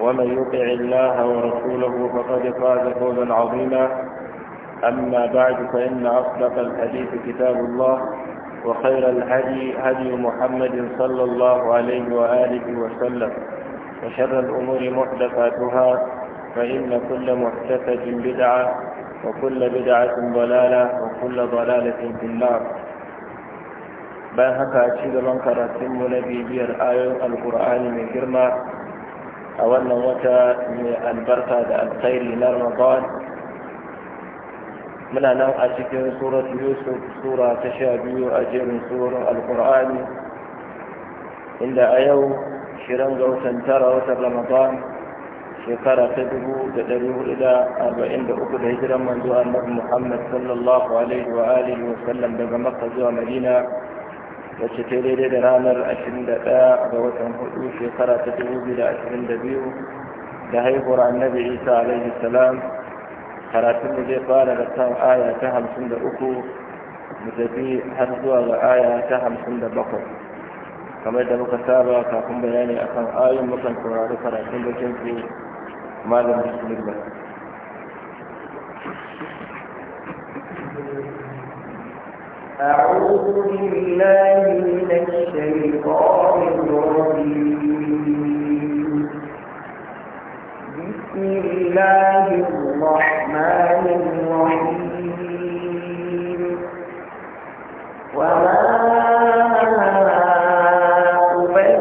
ومن يطع الله ورسوله فقد فاز فوزا عظيما أما بعد فإن أصدق الحديث كتاب الله وخير الهدي هدي محمد صلى الله عليه وآله وسلم وشر الأمور محدثاتها فإن كل محدثة بدعة وكل بدعة ضلالة وكل ضلالة في النار بان هكا أشهد من نبي بير آية القرآن من كرمه a wannan wata mai albarka da alkhairi na ramadan muna nan a cikin surat yusuf sura ta sha biyu a jerin surorin alkur'ani inda a yau shirin ga watan tara watan ramadan shekara ta dubu da ɗari hudu da arba'in da uku da hijiran manzo annabi muhammad sallallahu alaihi wa alihi wa sallam daga makka zuwa madina wacce ta daidai da ranar 21 ga watan hudu shekara ta 2022 da haihuwar annabi isa alaihi salam karatun da zai fara da kan aya ta 53 mu tafi har zuwa ga aya ta 57 kamar da muka saba kafin bayani akan ayon mukan saurari karatun bakin su malam bismillah أعوذ بالله من الشيطان الرجيم بسم الله الرحمن الرحيم وما أبرئ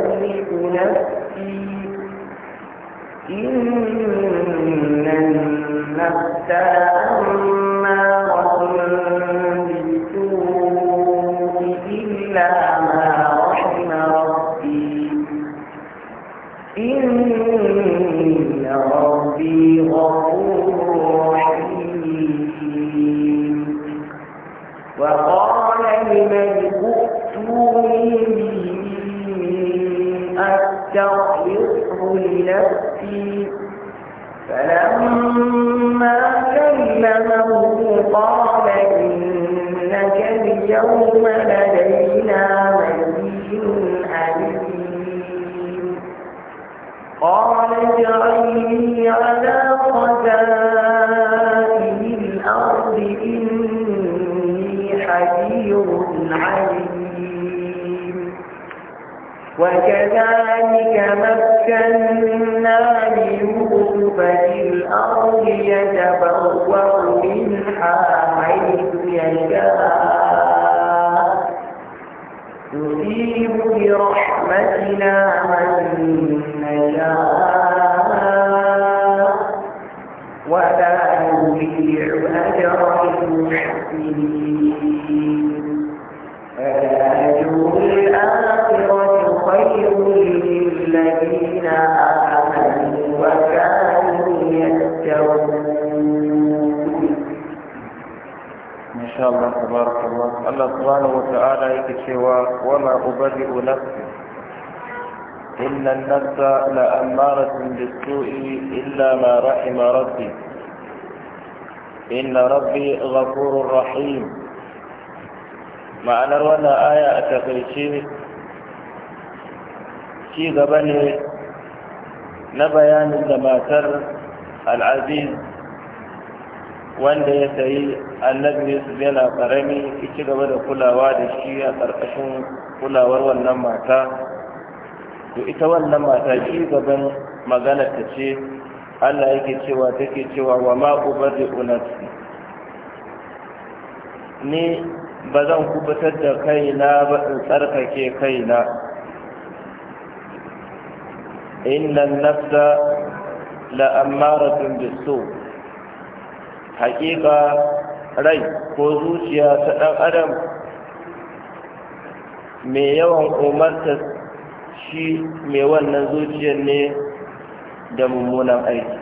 نفسي إن النفس يبكي فلما كلمه قال إنك اليوم لدينا مدين أليم قال اجعلني على خزائن الأرض إني حفيظ عليم وكذلك مكة مكنا ليوسف في الأرض يتبوأ منها حيث يشاء نصيب برحمتنا من نشاء تبارك الله الله سبحانه وتعالى يكشوا وما أبرئ نفسي إن النفس لأمارة بالسوء إلا ما رحم ربي إن ربي غفور رحيم ما أنا aya آية takaice شيء gaba ne na العزيز wanda ya sayi annabi yusuf yana karami ci gaba da kulawa da shi a ƙarƙashin kulawar wannan mata to ita wannan mata ci gaban magana ta ce allah yake cewa take cewa wa ma ubarri unafsi ni ba zan kubutar da kaina ba in tsarkake kaina innan nafsa la'ammaratun bisu haƙiƙa rai ko zuciya ta ɗan adam mai yawan umarta shi mai wannan zuciyar ne da mummunan aiki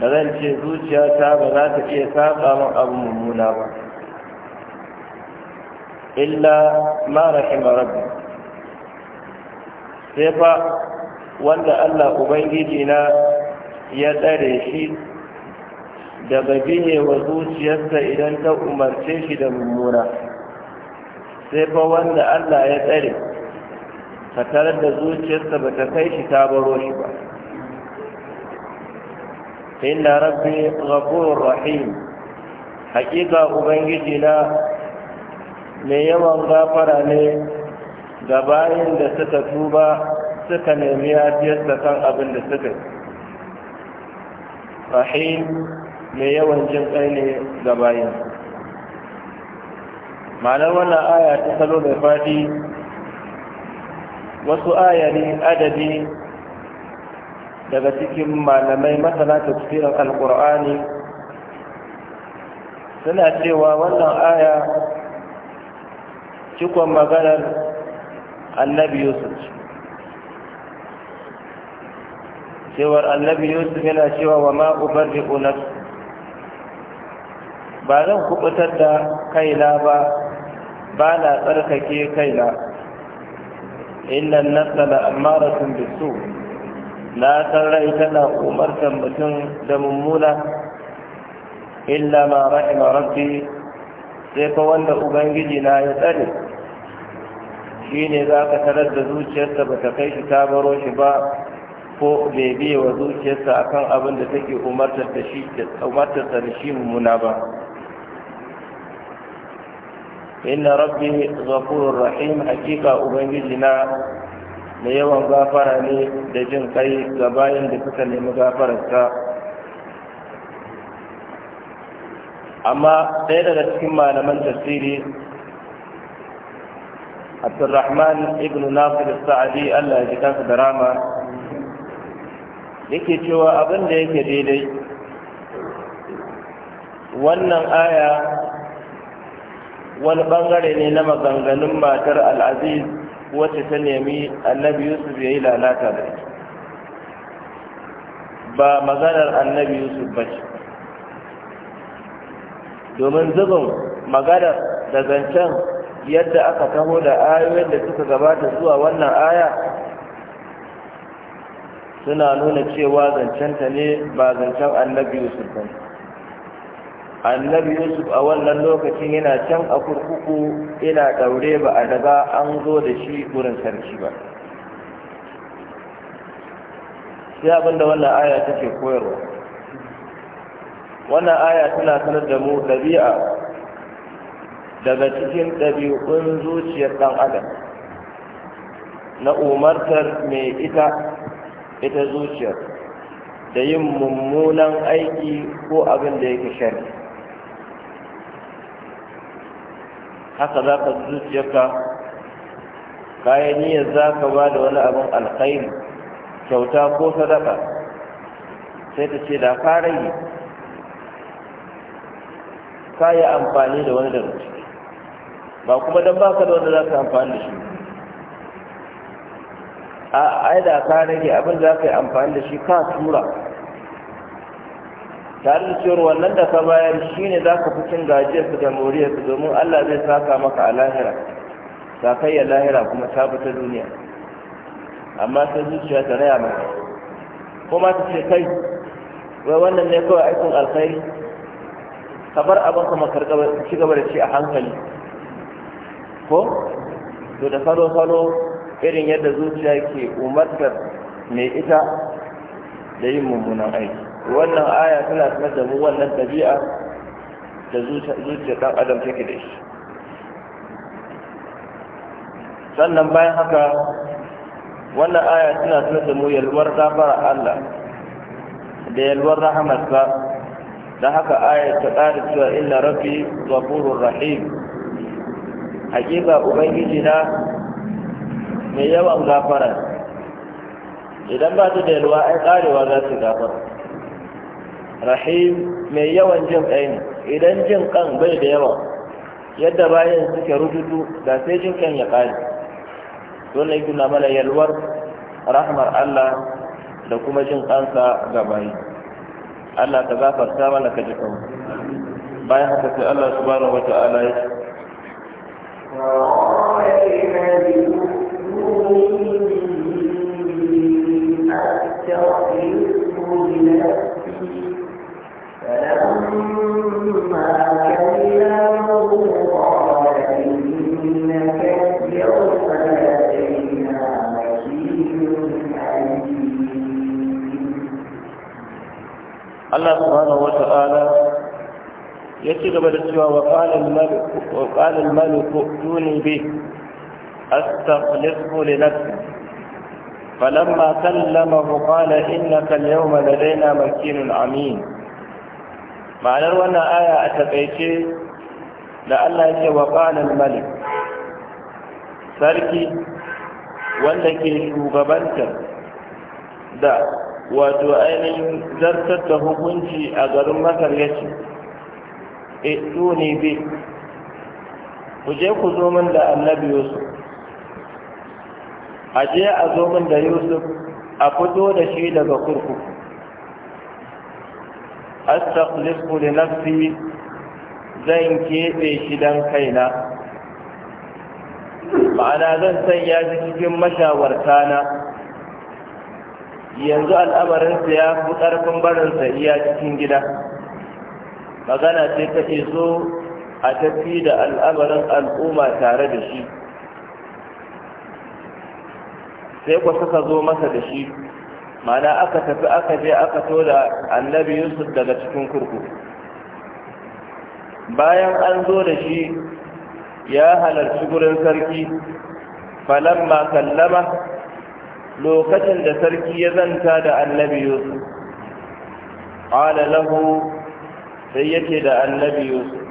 da zan ce zuciyata ba za ta iya saƙa min abu mummuna ba illa mara rahima rabbi sai fa wanda Allah ubangiji na ya tsare shi daga biye wa zuciyarsa idan ta umarce shi da mummuna sai fa wanda Allah ya tsare ka tarar da zuciyarsa ba ta kai shi ta baro shi ba inna rabbi ghafurur rahim haƙiƙa ubangiji na mai yawan gafara ne ga bayan da suka tuba suka nemi yafiyarsa kan abin da suka yi rahim mai yawan jin kai ne ga bayin ma'anar wannan aya ta salo mai fadi wasu ne adadi daga cikin malamai masana tafsirin alƙur'ani suna cewa wannan aya cikon maganar annabi yusuf cewar annabi yusuf yana cewa wa ma'ubar ri'unar ba zan kubutar da kaina ba ba na tsarkake kaina innan nasa na amaratun bisu na san rai tana umartar mutum da mummuna illa ma rahima rabbi sai fa wanda ubangiji na ya tsare shi ne za ka tarar da zuciyarsa ba ta kai shi ta shi ba ko bai biye wa zuciyarsa akan abin da take umartar da shi mummuna ba inna rabbi ghafurur rahim hakika ubangiji na Na yawan gafara ne da jin kai ga bayan da suka nemi gafararsa amma ɗaya daga cikin malaman tafsiri abdurrahman ibn nasir sa'adi allah ya ji kansa da rama yake cewa abin da yake daidai wannan aya wani bangare ne na maganganun matar al'aziz wacce ta nemi annabi yusuf ya yi lalata da ita ba maganar annabi yusuf ba ce domin zubin maganar da zancen yadda aka taho da ayoyin da suka gabata zuwa wannan aya suna nuna cewa zancenta ne ba zancen annabi yusuf ba ne annabi yusuf a wannan lokacin yana can a kurkuku yana daure ba a daga an zo da shi wurin sarki ba sai abinda wannan aya take koyarwa wannan aya tana sanar da mu ɗabi'a daga cikin ɗabi'un zuciyar ɗan adam na umartar mai ita ita zuciyar da yin mummunan aiki ko abin da yake shari'a haka za ka zuciyarka kayan niyyar za ka ba da wani abin alkhairi kyauta ko sadaka sai ta ce da ka rage ka yi amfani da wani daga ciki ba kuma don ba ka da wanda za ka amfani da shi a ai da ka rage abin za ka yi amfani da shi ka tura tare da cewar wannan da ka bayar shine za ka fi cin su da su domin allah zai saka maka a lahira sakayyar lahira kuma ta ta duniya amma sai zuciya ta raya maka kuma ta ce kai wai wannan ne kawai aikin alkhairi ka bar abin kuma ka ci gaba da shi a hankali ko to da salo-salo irin yadda zuciya ke umartar mai ita da yin mummunan aiki wannan aya tana sanar da mu wannan ɗabi'a da zuciyar ɗan adam take da shi sannan bayan haka wannan aya tana sanar da mu yalwar zafara Allah da yalwar rahamarsa da haka aya ta ƙari cewa inna rabbi ghafurur rahim hakika ubangiji na mai yawan gafara idan ba su da yalwa ai ƙarewa za su gafara rahim mai yawan jin kai ne idan jin kan bai da yawa yadda bayan suke rududu da sai jin kan ya kare dole yake na mana yalwar rahmar Allah da kuma jin kansa ga bayi Allah ta gafarta mana ka ji kan bayan haka sai Allah subhanahu wata'ala ya ce Thank you. الله سبحانه وتعالى يتغب للسوى وقال الملك وقال الملك ائتوني به استخلصه لنفسي فلما كلمه قال انك اليوم لدينا مكين امين ma'anar wannan aya a taƙaice da Allah ya ce wa ƙanan malik sarki wanda ke shugabantar da wato ainihin zartar da hukunci a garin masar ya ce e ne bi ku je ku zo min da annabi yusuf a je a zo min da yusuf a fito da shi daga kurkuku astakhlifu li nafsi zan keɓe shi dan kaina ma'ana zan sanya shi cikin mashawarta na yanzu al'amarinsa ya fi ƙarfin barinsa iya cikin gida magana ce ta zo a tafi da al'amarin al'umma tare da shi sai ku suka zo masa da shi mana aka tafi aka je aka tola annabi yusuf daga cikin kurkuku bayan an zo da shi ya halarci gurin sarki falamma kallama lokacin da sarki ya zanta da annabi yusuf lahu sai yake da annabi yusuf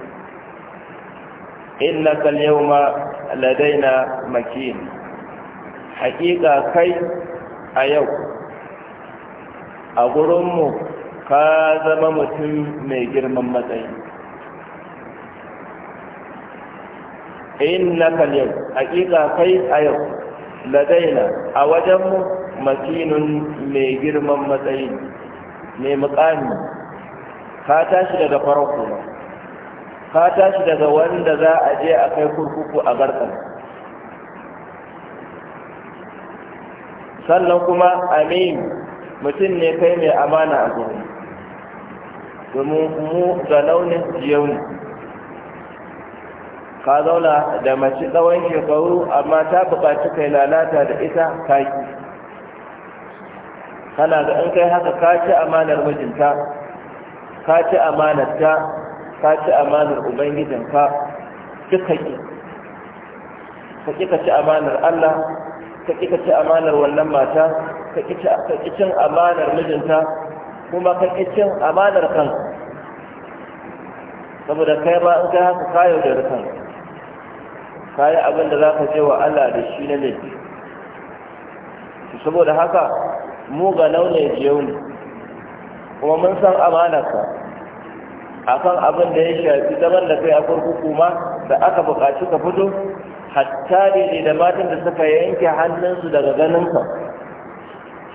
inna kalyawma ladaina makin haƙiƙa kai a yau a gurinmu ka zama mutum mai girman matsayi in na kalyar hakika kai a yau ladaina a wajenmu makinun mai girman matsayi mai mukami ka tashi daga farko ka tashi daga wanda za a je a kai kurkuku a garkar sannan kuma amin mutum ne kai mai amana a gurin domin mu ga launin jiyau ne ka zauna da mace tsawon shekaru amma ta buƙaci kai lalata da ita kaki kana ga in kai haka ka ci amanar mijinta ka ci ta, ka ci amanar ubangijinka duka ki ka ƙi ka ci amanar allah ka ƙi ka ci amanar wannan mata ka ƙi cin amanar mijinta kuma ka ƙi cin amanar kan. saboda kai ba in kai haka kayo da kanka kayi abin da za ka je wa Allah da shi na su saboda haka mu ga launin jiyau ne kuma mun san amanarka kan abin da ya shafi zaman da kai a kurkuku ma da aka buƙaci ka fito hatta ne da matan da suka yanke hannunsu daga ganinka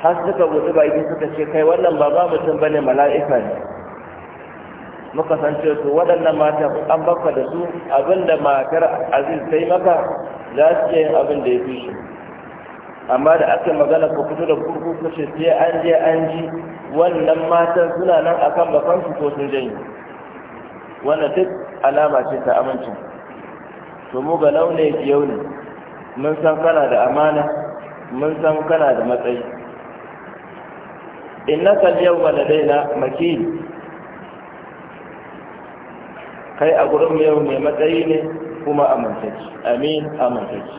har suka gudu baki suka ce kai wannan ba ba mutum bane mala'ika ne muka san ce to waɗannan mata an baka da su abinda matar aziz ta yi maka za su iya yin abin da ya fi shi amma da aka magana ku fito da kurkuku ce sai an je an ji wannan matan suna nan akan su ko sun janyi wannan duk alama ce ta aminci to mu ga laune biyau ne mun san kana da amana mun san kana da matsayi innaka al-yawma ladaina makin kai a gurin yau mai matsayi ne kuma amintaci amin amintaci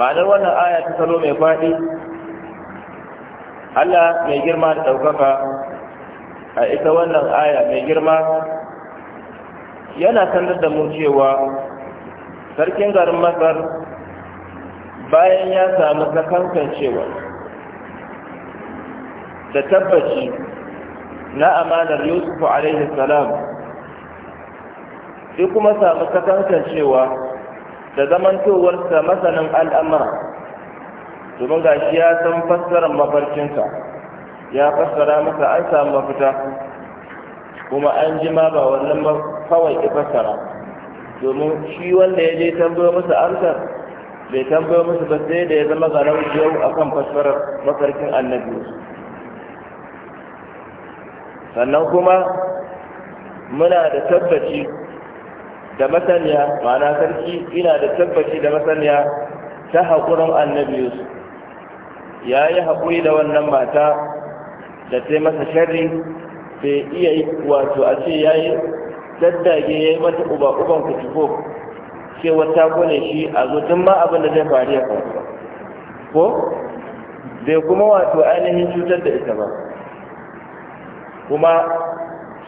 ma'anar wannan aya ta salo mai faɗi Allah mai girma da ɗaukaka a ita wannan aya mai girma yana sanar da mu cewa sarkin garin masar bayan ya samu sakankan cewa da tabbaci na amanar yusuf alaihi salam sai kuma samu cewa da zamantowarsa masanin al'amura domin ga shi ya san fassarar mafarkinsa ya fassara masa an samu mafita kuma an ji ma ba wannan kawai ya fassara domin shi wanda ya je tambayo masa amsar bai tambayo masa ba sai da ya zama garau yau akan fassarar mafarkin annabi sannan kuma muna da tabbaci da masaniya ma'ana sarki ina da tabbaci da masaniya ta haƙurin annabi yusuf ya yi haƙuri da wannan mata da ta masa shari bai iya yi wato a ce ya yi daddage ya yi mata uba-uban kutubo cewa ta kone shi a zutun ma abin da zai faru ya faru ko bai kuma wato ainihin cutar da ita ba kuma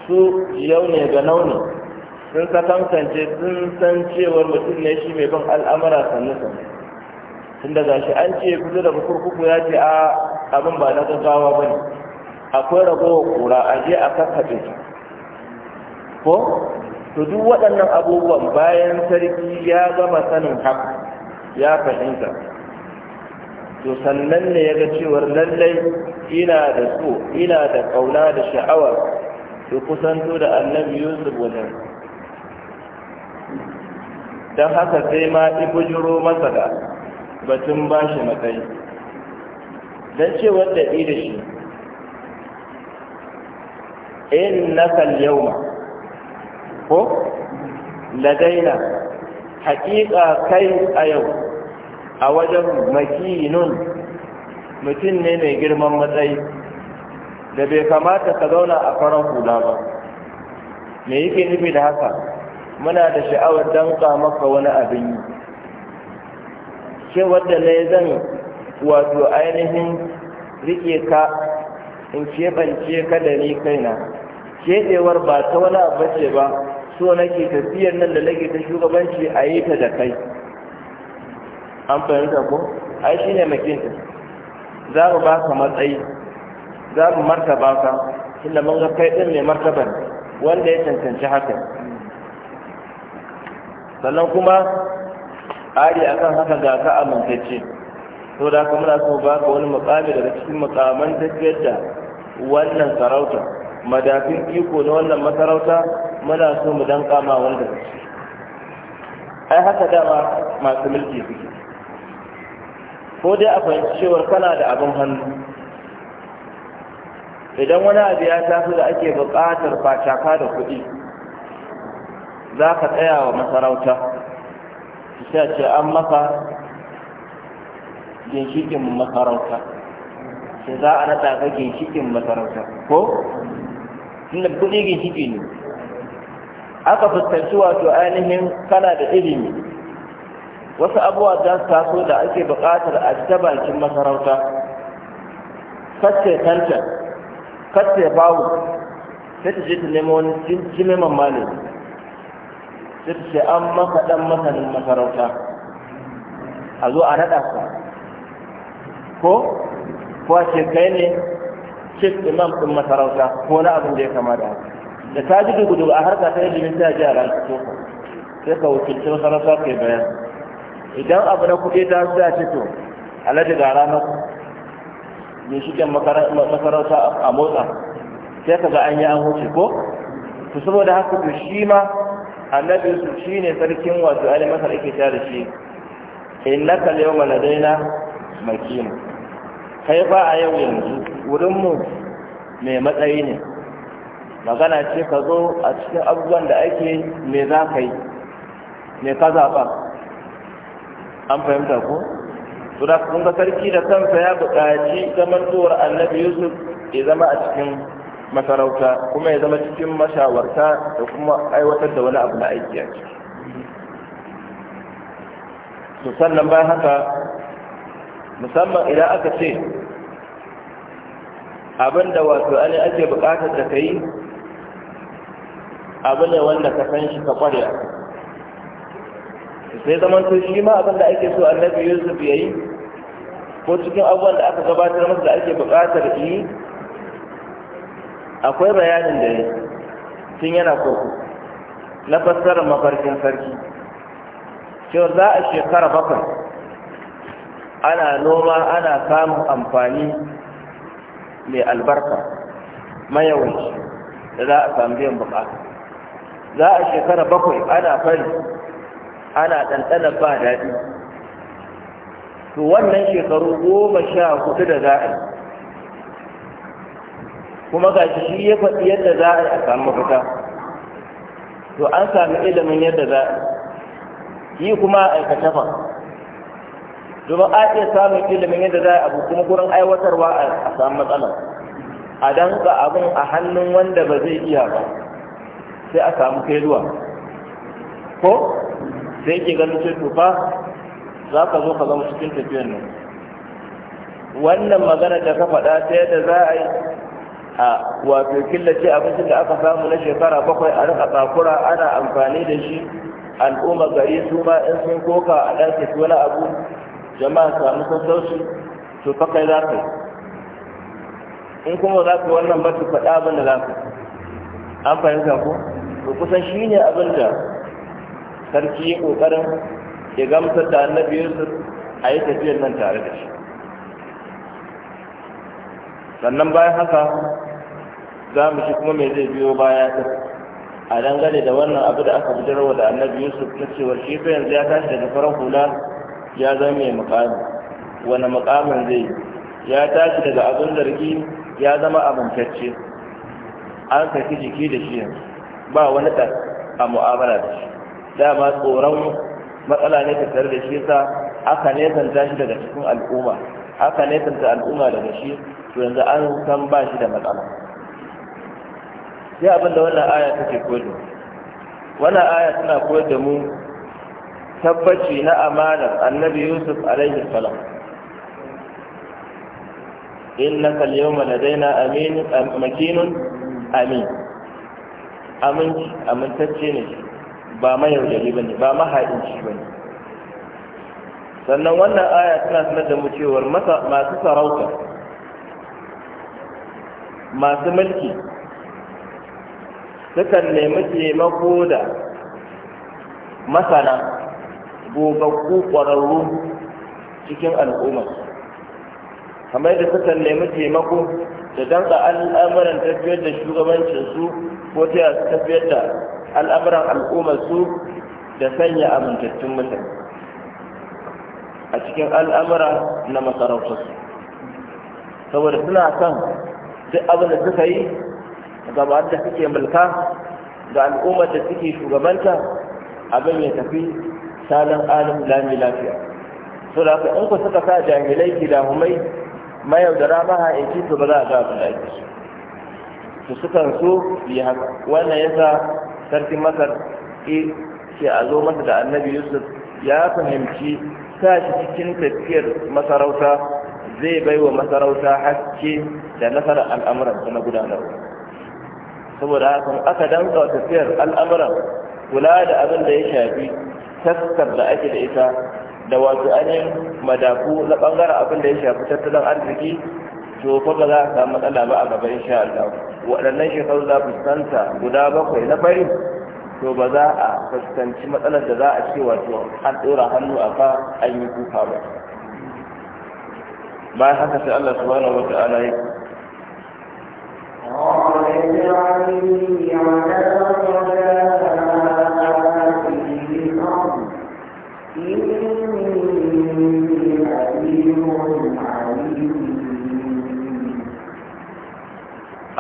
su yau ne ga nauni sun sakankance sun san cewar mutum ne shi mai ban al'amura sannu sannu tun daga shi an ce kudu da kurkuku ya ce a abin ba na gaggawa ba ne akwai ragowar kura a je a kakkaɓe ko su duk waɗannan abubuwan bayan sarki ya gama sanin haka ya fahimta to sannan ne ya ga cewar lallai ina da so ina da kauna da sha'awar to kusanto da annabi yusuf wajen don haka sai ma ibujiro masa da batun ba shi matsayi don cewar da da shi in na yauma ko ladaina haƙiƙa kai a yau a wajen makinun mutum ne mai girman matsayi da bai kamata ka zauna a farar hula ba me yake nufi da haka muna da sha'awar don maka wani abin yi ce wadda ne zan wato ainihin rike ka in keɓance ka da ni kaina keɓewar ba ta wani abu ba so nake tafiyar nan da nake ta shugabanci a yi ta da kai an fahimta ko ai shi ne makinta za mu ba ka matsayi za mu martaba ka inda mun ga kai ɗin mai martaban wanda ya cancanci haka sannan kuma ari akan haka ga ka amintacce to da kuma muna so ba ka wani mukami daga cikin mukaman tafiyar da wannan sarauta madafin iko na wannan masarauta muna so mu danka ma wanda ai haka dama masu mulki suke ko dai a fahimci cewar kana da abin hannu idan wani abu ya tafi da ake buƙatar facaka da kuɗi za ka tsaya wa masarauta sai ce an maka ginshikin masarauta su za a naɗa ga ginshikin masarauta ko? inda kuɗi ginshiki ne aka fuskanci wato ainihin kana da ilimi wasu abuwa za su taso da ake buƙatar a ta bakin masarauta kacce tantan kacce bawu sai ta je ta nemo wani jimjimin mamali sai ta ce an maka ɗan masanin masarauta a zo a naɗa sa ko kuwa ce kai ne cik imam ɗin masarauta ko na abin da ya kama da da ta ji dugu a harka ta jimin ta ji a ranar sai ka wakilci masarauta kai bayan idan abu na kuɗi ta su shi, to alhaji ga ranar shi ke makaranta a motsa sai ka ga an yi an huce ko to saboda haka to shi ma annabi shi ne sarkin wato ali masar ake sha da shi innaka daina ladaina makin kai ba a yau yanzu wurin mu mai matsayi ne magana ce ka zo a cikin abubuwan da ake mai za ka yi me ka zaɓa an fahimta ko to da kun ga sarki da kansa ya buƙaci zaman tuwar annabi yusuf ya zama a cikin masarauta kuma ya zama cikin mashawarta da kuma aiwatar da wani abu na aiki a ciki to sannan bayan haka musamman idan aka ce abin da wato ne ake buƙatar da ka yi abu ne wanda ka san shi ka ƙwarya sai zaman to shi ma abin da ake so annabi yusuf ya yi ko cikin abubuwan da aka gabatar masa da ake buƙatar yi akwai bayanin da ya tun yana koko na fassarar mafarkin sarki cewa za a shekara bakwai ana noma ana samun amfani mai albarka mayawanci da za a samu biyan buƙata. za a shekara bakwai ana fari ana ɗanɗanar ba daɗi to wannan shekaru goma sha hudu da za a yi kuma ga shi ya faɗi yadda za a yi a samu mafita to an sami ilimin yadda za a yi kuma a aikata fa domin a iya samun ilimin yadda za a abu kuma gurin aiwatarwa a samu matsala a danka abin a hannun wanda ba zai iya ba sai a samu kailuwa ko sai ke ganin sai tufa za ka zo ka zama cikin tafiyan nan wannan magana da ka faɗa ta yadda za a yi a wato killace abinci da aka samu na shekara bakwai a rika tsakura ana amfani da shi al'umma gari su ma in sun koka a ɗan tafi wani abu jama'a samu sassauci to fa kai za ka yi in kuma za ka wannan ba su faɗa abin da za ka an fahimta ko to kusan shi ne abin da sarki ya kokarin ya gamsa da annabi yusuf a yi tafiyar nan tare da shi sannan bayan haka za mu shi kuma mai zai biyo baya ta a dangane da wannan abu da aka bidarwa da annabi yusuf ta cewar shi fa yanzu ya tashi daga farar hula ya zama mai mukamin wani mukamin zai ya tashi daga abin zargi ya zama amintacce an saki jiki da shi yanzu ba wani ɗan a mu'amala da shi dama tsoron matsala ne ta tare da shi sa aka ta shi daga cikin al'umma aka ta al'umma daga shi to yanzu an san ba shi da matsala sai abin da wannan aya take koyo wannan aya tana koyar da mu tabbaci na amanar annabi yusuf alaihi salam innaka al-yawma ladaina amin makinun amin aminci amintacce ne shi ba mayaudari ba ne ba shi ba ne sannan wannan aya tana sanar da mu cewar masu sarauta masu mulki sukan nemi taimako da masana gogaggu ƙwararru cikin al'umma kamar da sukan nemi taimako da danka al'amuran tafiyar da shugabancinsu ko ta tafiyar da al'amuran al'ummar su da sanya amintattun mutane a cikin al'amura na su. saboda suna son duk abin da suka yi gabatar da suke mulka ga al'ummar da suke shugabanta abin ya tafi salon alim lami lafiya so da in ku suka sa jahilai gidahumai mayaudara mahaici su ba za a ga abin da ake su sukan so yi haka wannan yasa sarkin masar ke a zo masa da annabi yusuf ya fahimci sa shi cikin tafiyar masarauta zai bai wa masarauta haske da nasarar al'amuran na gudanar. saboda haka aka danka wa tafiyar al'amuran kula da abin da ya shafi taskar da ake da ita da wasu anin madafu na bangaren abin da ya shafi tattalin arziki to ba za a samu matsala ba a gaba insha Allah waɗannan shekaru za fuskanta guda bakwai na fari to ba za a fuskanci matsalar da za a ce wato an ɗora hannu a fa an yi kuka ba bayan haka sai Allah subhanahu wa ta'ala ya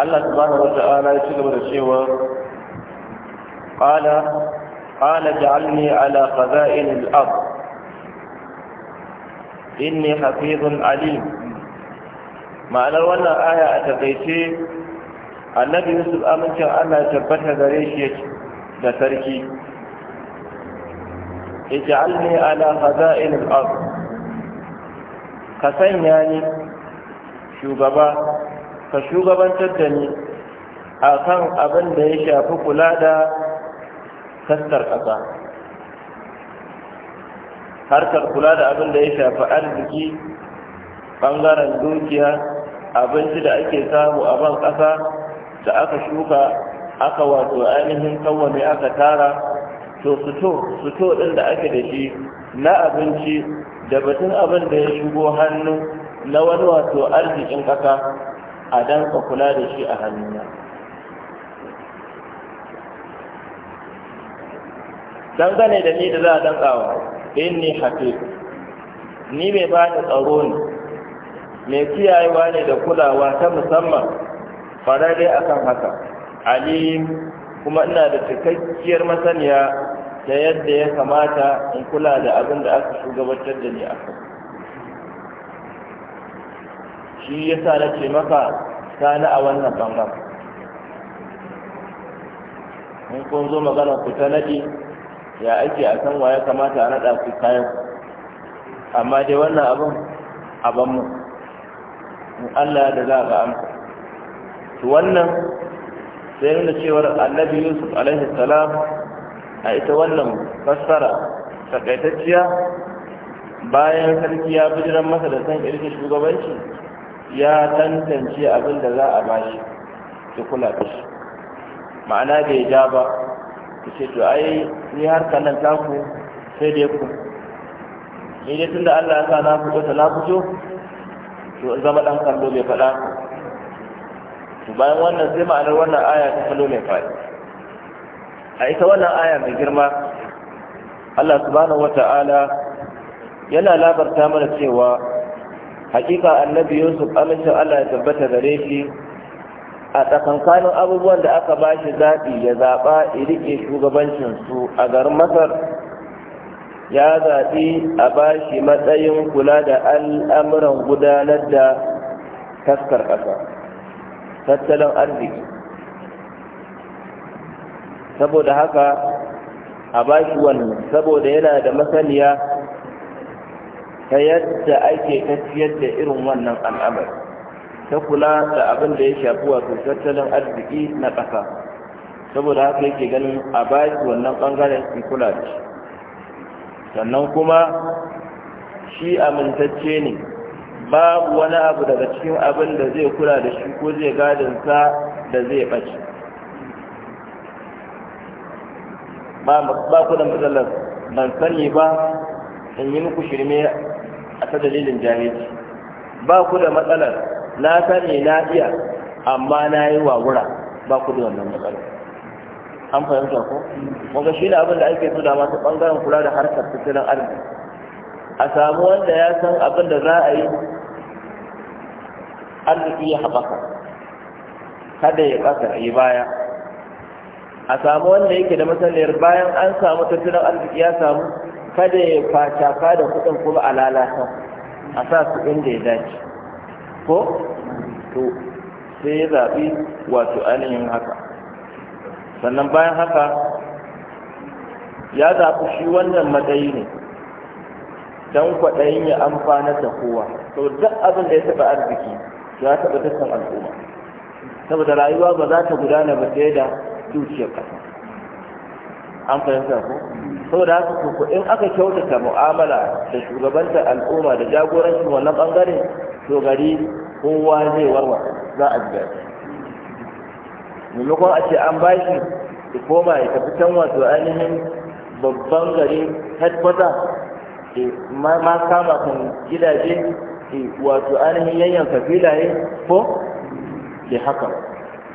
Allah subhanahu wa ta'ala ya ci gaba da cewa qala qala ja'alni ala khaza'in al-ard inni hafizun alim ma'anar wannan aya a takaice annabi yusuf amincin Allah tabbata gare shi da sarki ij'alni ala khaza'in al-ard ka sanya ni shugaba ka shugabantar da ni a kan abin da ya shafi kula da kastar ƙasa harkar kula da abin da ya shafi arziki ɓangaren dukiya abinci da ake samu a ban ƙasa da aka shuka aka wato ainihin kawwame aka tara to fito ɗin da ake da shi na abinci da batun abin da ya shigo hannu na wani wato arzikin ƙasa a danka kula da shi a hannuna dangane da ni da za a dankawa inni hafiz ni mai ba da tsaro ne mai kiyayewa ne da kulawa ta musamman farare akan haka alim kuma ina da cikakkiyar masaniya da yadda ya kamata in kula da abin da aka shugabantar da ni a kai shi ya sa na ce maka sani a wannan bangar in kun zo magana ku ta naɗi ya ake a san wa ya kamata a naɗa su kayan amma dai wannan abin a ban mu in Allah da za ga amsa to wannan sai nuna cewar annabi yusuf alaihi salam a ita wannan fassara takaitacciya bayan sarki ya bijiran masa da san irin shugabanci ya tantance abin da za a bashi ya kula da shi ma'ana bai ja ba ya ce to ai ni harka nan taku sai dai ku ni dai tunda Allah ya sa na fito ta na fito to in zama dan kallo mai faɗa to bayan wannan sai ma'anar wannan aya ta kallo mai faɗi a ita wannan aya mai girma Allah subhanahu wata'ala yana labarta mana cewa hakika annabi yusuf amincin allah ya tabbata gare shi a tsakankanin abubuwan da aka ba shi zaɓi ya zaɓa irike su a garin masar ya zaɓi a ba shi matsayin kula da al'amuran gudanar da taskar ƙasa tattalin arziki saboda haka a ba shi wannan saboda yana da masaniya ta yadda ake tafiyar da irin wannan al'amari ta kula da abin da ya shafi wato tattalin arziki na ƙasa saboda haka yake ganin a bayan wannan ɓangaren su kula da shi sannan kuma shi amintacce ne babu wani abu daga cikin abin da zai kula da shi ko zai sa da zai ɓace ba ku da matsalar ban sani ba in yi muku shirme a ta dalilin jami'i ba ku da matsalar na sani na iya amma na yi wawura ba ku da wannan matsalar an fahimta ko kuma shi ne abin da ake so da masu bangaren kula da harkar tattalin arziki a samu wanda ya san abin da za a yi arziki ya haɓaka kada ya ƙasa yi baya a samu wanda yake da masaniyar bayan an samu tattalin arziki ya samu kada ya fataka da kuɗin kuma a lalata a sa su inda ya dace ko to sai ya zaɓi wato ainihin haka sannan bayan haka ya zaɓi shi wannan matsayi ne don kwaɗayin ya amfana da kowa to duk abin da ya taɓa arziki ya taɓa dukkan al'umma saboda rayuwa ba za ta gudana ba sai da dukiyar ƙasa an fahimta ko saboda haka ku in aka kyautata mu'amala da shugabanta al'umma da jagorancin wannan bangare to gari kowa zai warwa za a jiya maimakon a ce an bashi ya koma ya tafi can wato ainihin babban gari headquarter ma kama kan gidaje wato ainihin yanyan filaye ko ke haka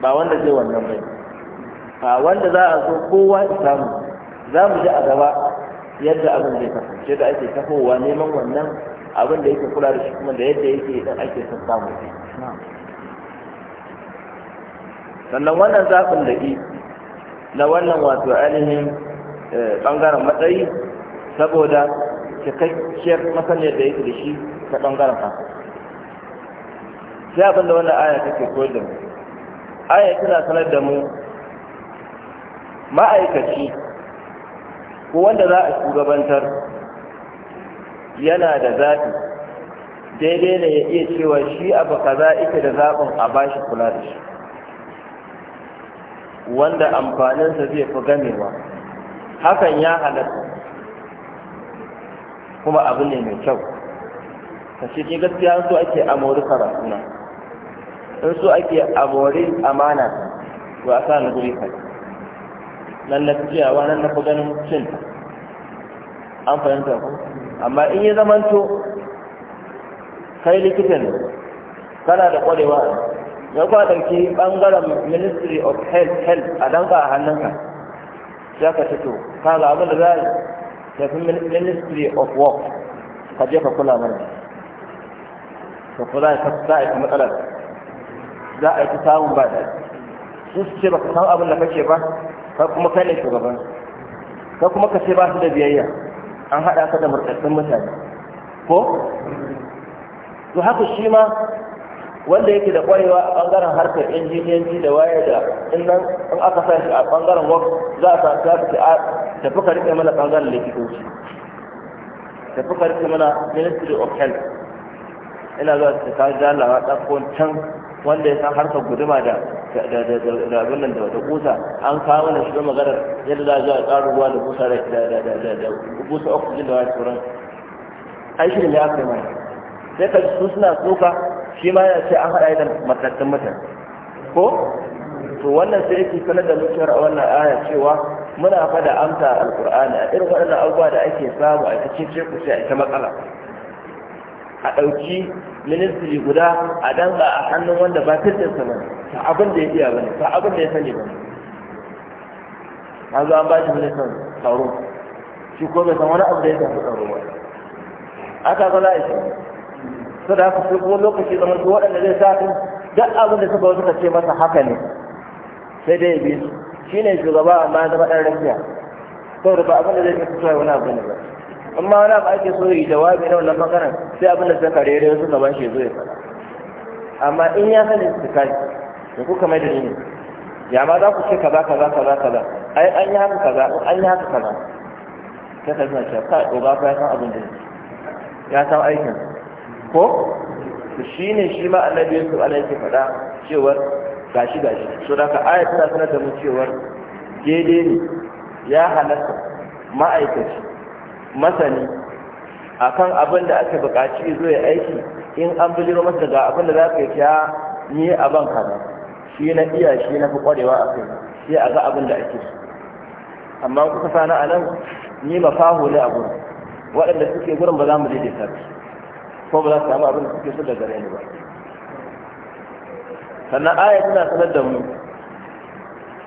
ba wanda zai wannan bai a wanda za a zo kowa ya samu za mu ji a gaba yadda abin zai kasance da ake tafowa neman wannan abin da yake kula da shi kuma da yadda yake dan ake son samu sannan wannan zaɓin da ƙi na wannan wato ainihin eh, ɓangaren matsayi saboda cikakkiyar masaniyar da yake da shi ta ɓangaren haka sai abin da wannan aya take koyar da mu aya tana sanar da mu ma'aikaci ko wanda za a shugabantar yana da zaɓi daidai ne ya iya cewa shi abu kaza ita da zaɓin a bashi kula da shi wanda amfaninsa zai fi gamewa hakan ya halatta kuma abu ne mai kyau ka ce ke gaskiya su ake amori karatuna in su ake amori amana ba a sa na guri kai nan na ciyawa nan na fi ganin an fahimta ku amma in ya zamanto kai likitan kana da kwarewa ya kwa ɗauki ɓangaren ministry of health health a danka a hannunka ya ka fito ka ga abin da za a tafi ministry of work ka je ka kula mana ka kula ta sa matsalar za a yi ta samun ba daɗi su su ce ba su san abin da kake ba ka kuma kai ne shugaban ka kuma ka ce ba su da biyayya an haɗa ka da murtattun mutane ko to haka shi ma wanda yake da kwarewa a bangaren harkar injiniyanci da waye da in nan in aka sa shi a bangaren wak za a sa ka ce a tafi ka rike mana bangaren likitoci tafi ka rike mana ministry of health ina zuwa ta kawo jalawa ɗan can wanda ya san harkar guduma da abin nan da kusa an kawo mana shiga maganar yadda za a zo a ruwa da kusa da kusa oxygen da wani sauran ai ya mai sai ka su suna tsoka shi ma ya ce an haɗa da matattun mutum ko to wannan sai yake sanar da mutuwar a wannan aya cewa muna fada amsa alkur'ani a irin waɗannan abubuwa da ake samu a cikin ce ku sai a ita matsala a ɗauki ministry guda a danga a hannun wanda ba tattinsa ba ta abin da ya iya ba ne ta abin da ya sani ba ne an zo an ba shi ministan tsaro shi ko bai san wani abu da ya shafi tsaro ba aka ga za a su da haka sai kuma lokaci zama su waɗanda zai sa duk abin da suka wasu ka ce masa haka ne sai dai ya bi su shi ne shugaba amma ya zama ɗan rafiya saboda ba abin da zai su tsaye wani abu ne ba amma wani abu ake so yi jawabi na wannan maganar sai abin da suka rere suka ba shi zo ya fara amma in ya sani su kai da kuka mai da ni ya ma za ku ce kaza kaza kaza kaza ai an yi haka kaza an yi haka kaza ta kai suna cewa kai oga fa ya san abin da ya san aikin ko shi ne shi ma annabi yusuf alaihi ke faɗa cewar gashi gashi so da ka ayat suna sanar da mu cewar daidai ne ya halatta ma'aikaci masani akan abin da ake buƙaci zo ya aiki in an bijiro masa daga abin da za ka yi ya ni a ban kaza shi na iya shi na fi kwarewa a kai sai a ga abin da ake so amma kuka sana a nan ni faho ne a gurin waɗanda suke gurin ba za mu daidaita su ko ba za su samu abin da suke so daga rai ba sannan aya tana sanar da mu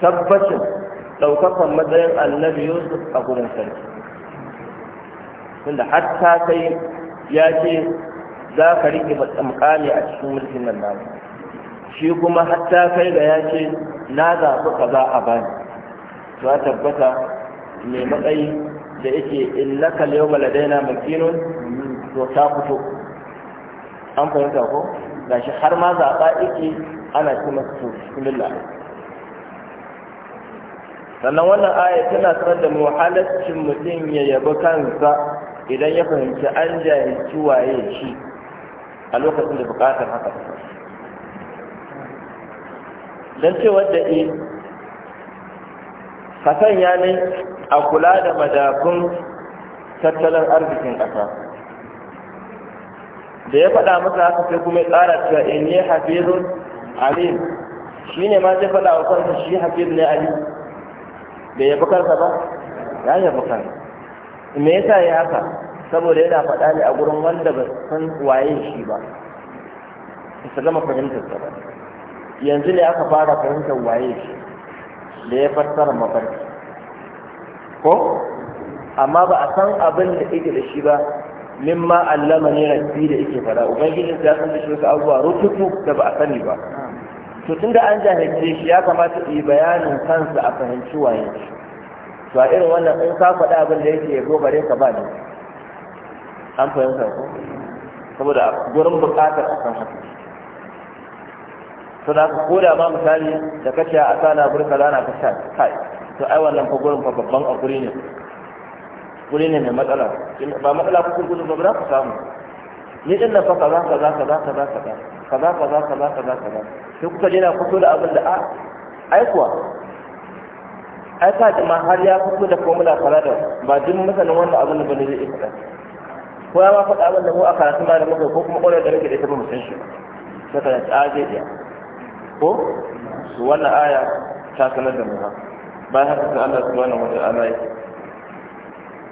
tabbacin ɗaukakan matsayin annabi yusuf a gurin sarki tunda hatta kai ya ce za ka riƙe mukami a cikin mulkin nan namu shi kuma hatta kai ga ya ce na zaɓi ka za a bani to a tabbata mai matsayi da yake innaka yawma ladaina makinun to ta fito an fahimta ko gashi har ma zaɓa yake ana cikin masa sun bismillah sannan wannan aya tana sanar da mu halaccin mutum ya yabi kansa idan ya fahimci an jahilci waye shi a lokacin da bukatar haka don cewar da e hasan ya ne a kula da madafun tattalin arzikin ƙasa da ya faɗa masa haka sai kuma ya tsara cewa in ne hafizun alim shi ne ma zai faɗa wa kansa shi hafiz ne alim bai yabi kansa ba ya yabi kansa me yasa ya haka saboda yana faɗa ne a gurin wanda ba san waye shi ba su gama fahimtar sa ba yanzu ne aka fara fahimtar waye shi da ya fassara mafarki ko amma ba a san abin da ake da shi ba mimma allama ne rabbi da yake fara ubangiji ya san da shi wasu abubuwa rututu da ba a sani ba to tunda an jahilce shi ya kamata yi bayanin kansa a fahimci waye shi to a irin wannan in ka faɗa abin da yake yabo bare ka ba ne an fahimta ko saboda gurin buƙatar a san haka to da ku da ma misali da kace a sana burka lana ka sha kai to ai wannan fa gurin fa babban a guri ne guri ne mai matsala ba matsala ku kun gudu ba za ku samu ni din na fa kaza kaza kaza kaza kaza kaza kaza kaza kaza sai kuka jina fito da abin da a aikuwa aika da ma har ya fito da formula kaza ba duk masanin wannan abin da bane zai iya faɗa ko ya ma faɗa abin da mu a karatun da muka ko kuma ƙwarar da muke da ita ba mutum shi ba sai ka ta zai iya ko su wannan aya ta sanar da mu ba bayan haka sai Allah subhanahu wa ta'ala ya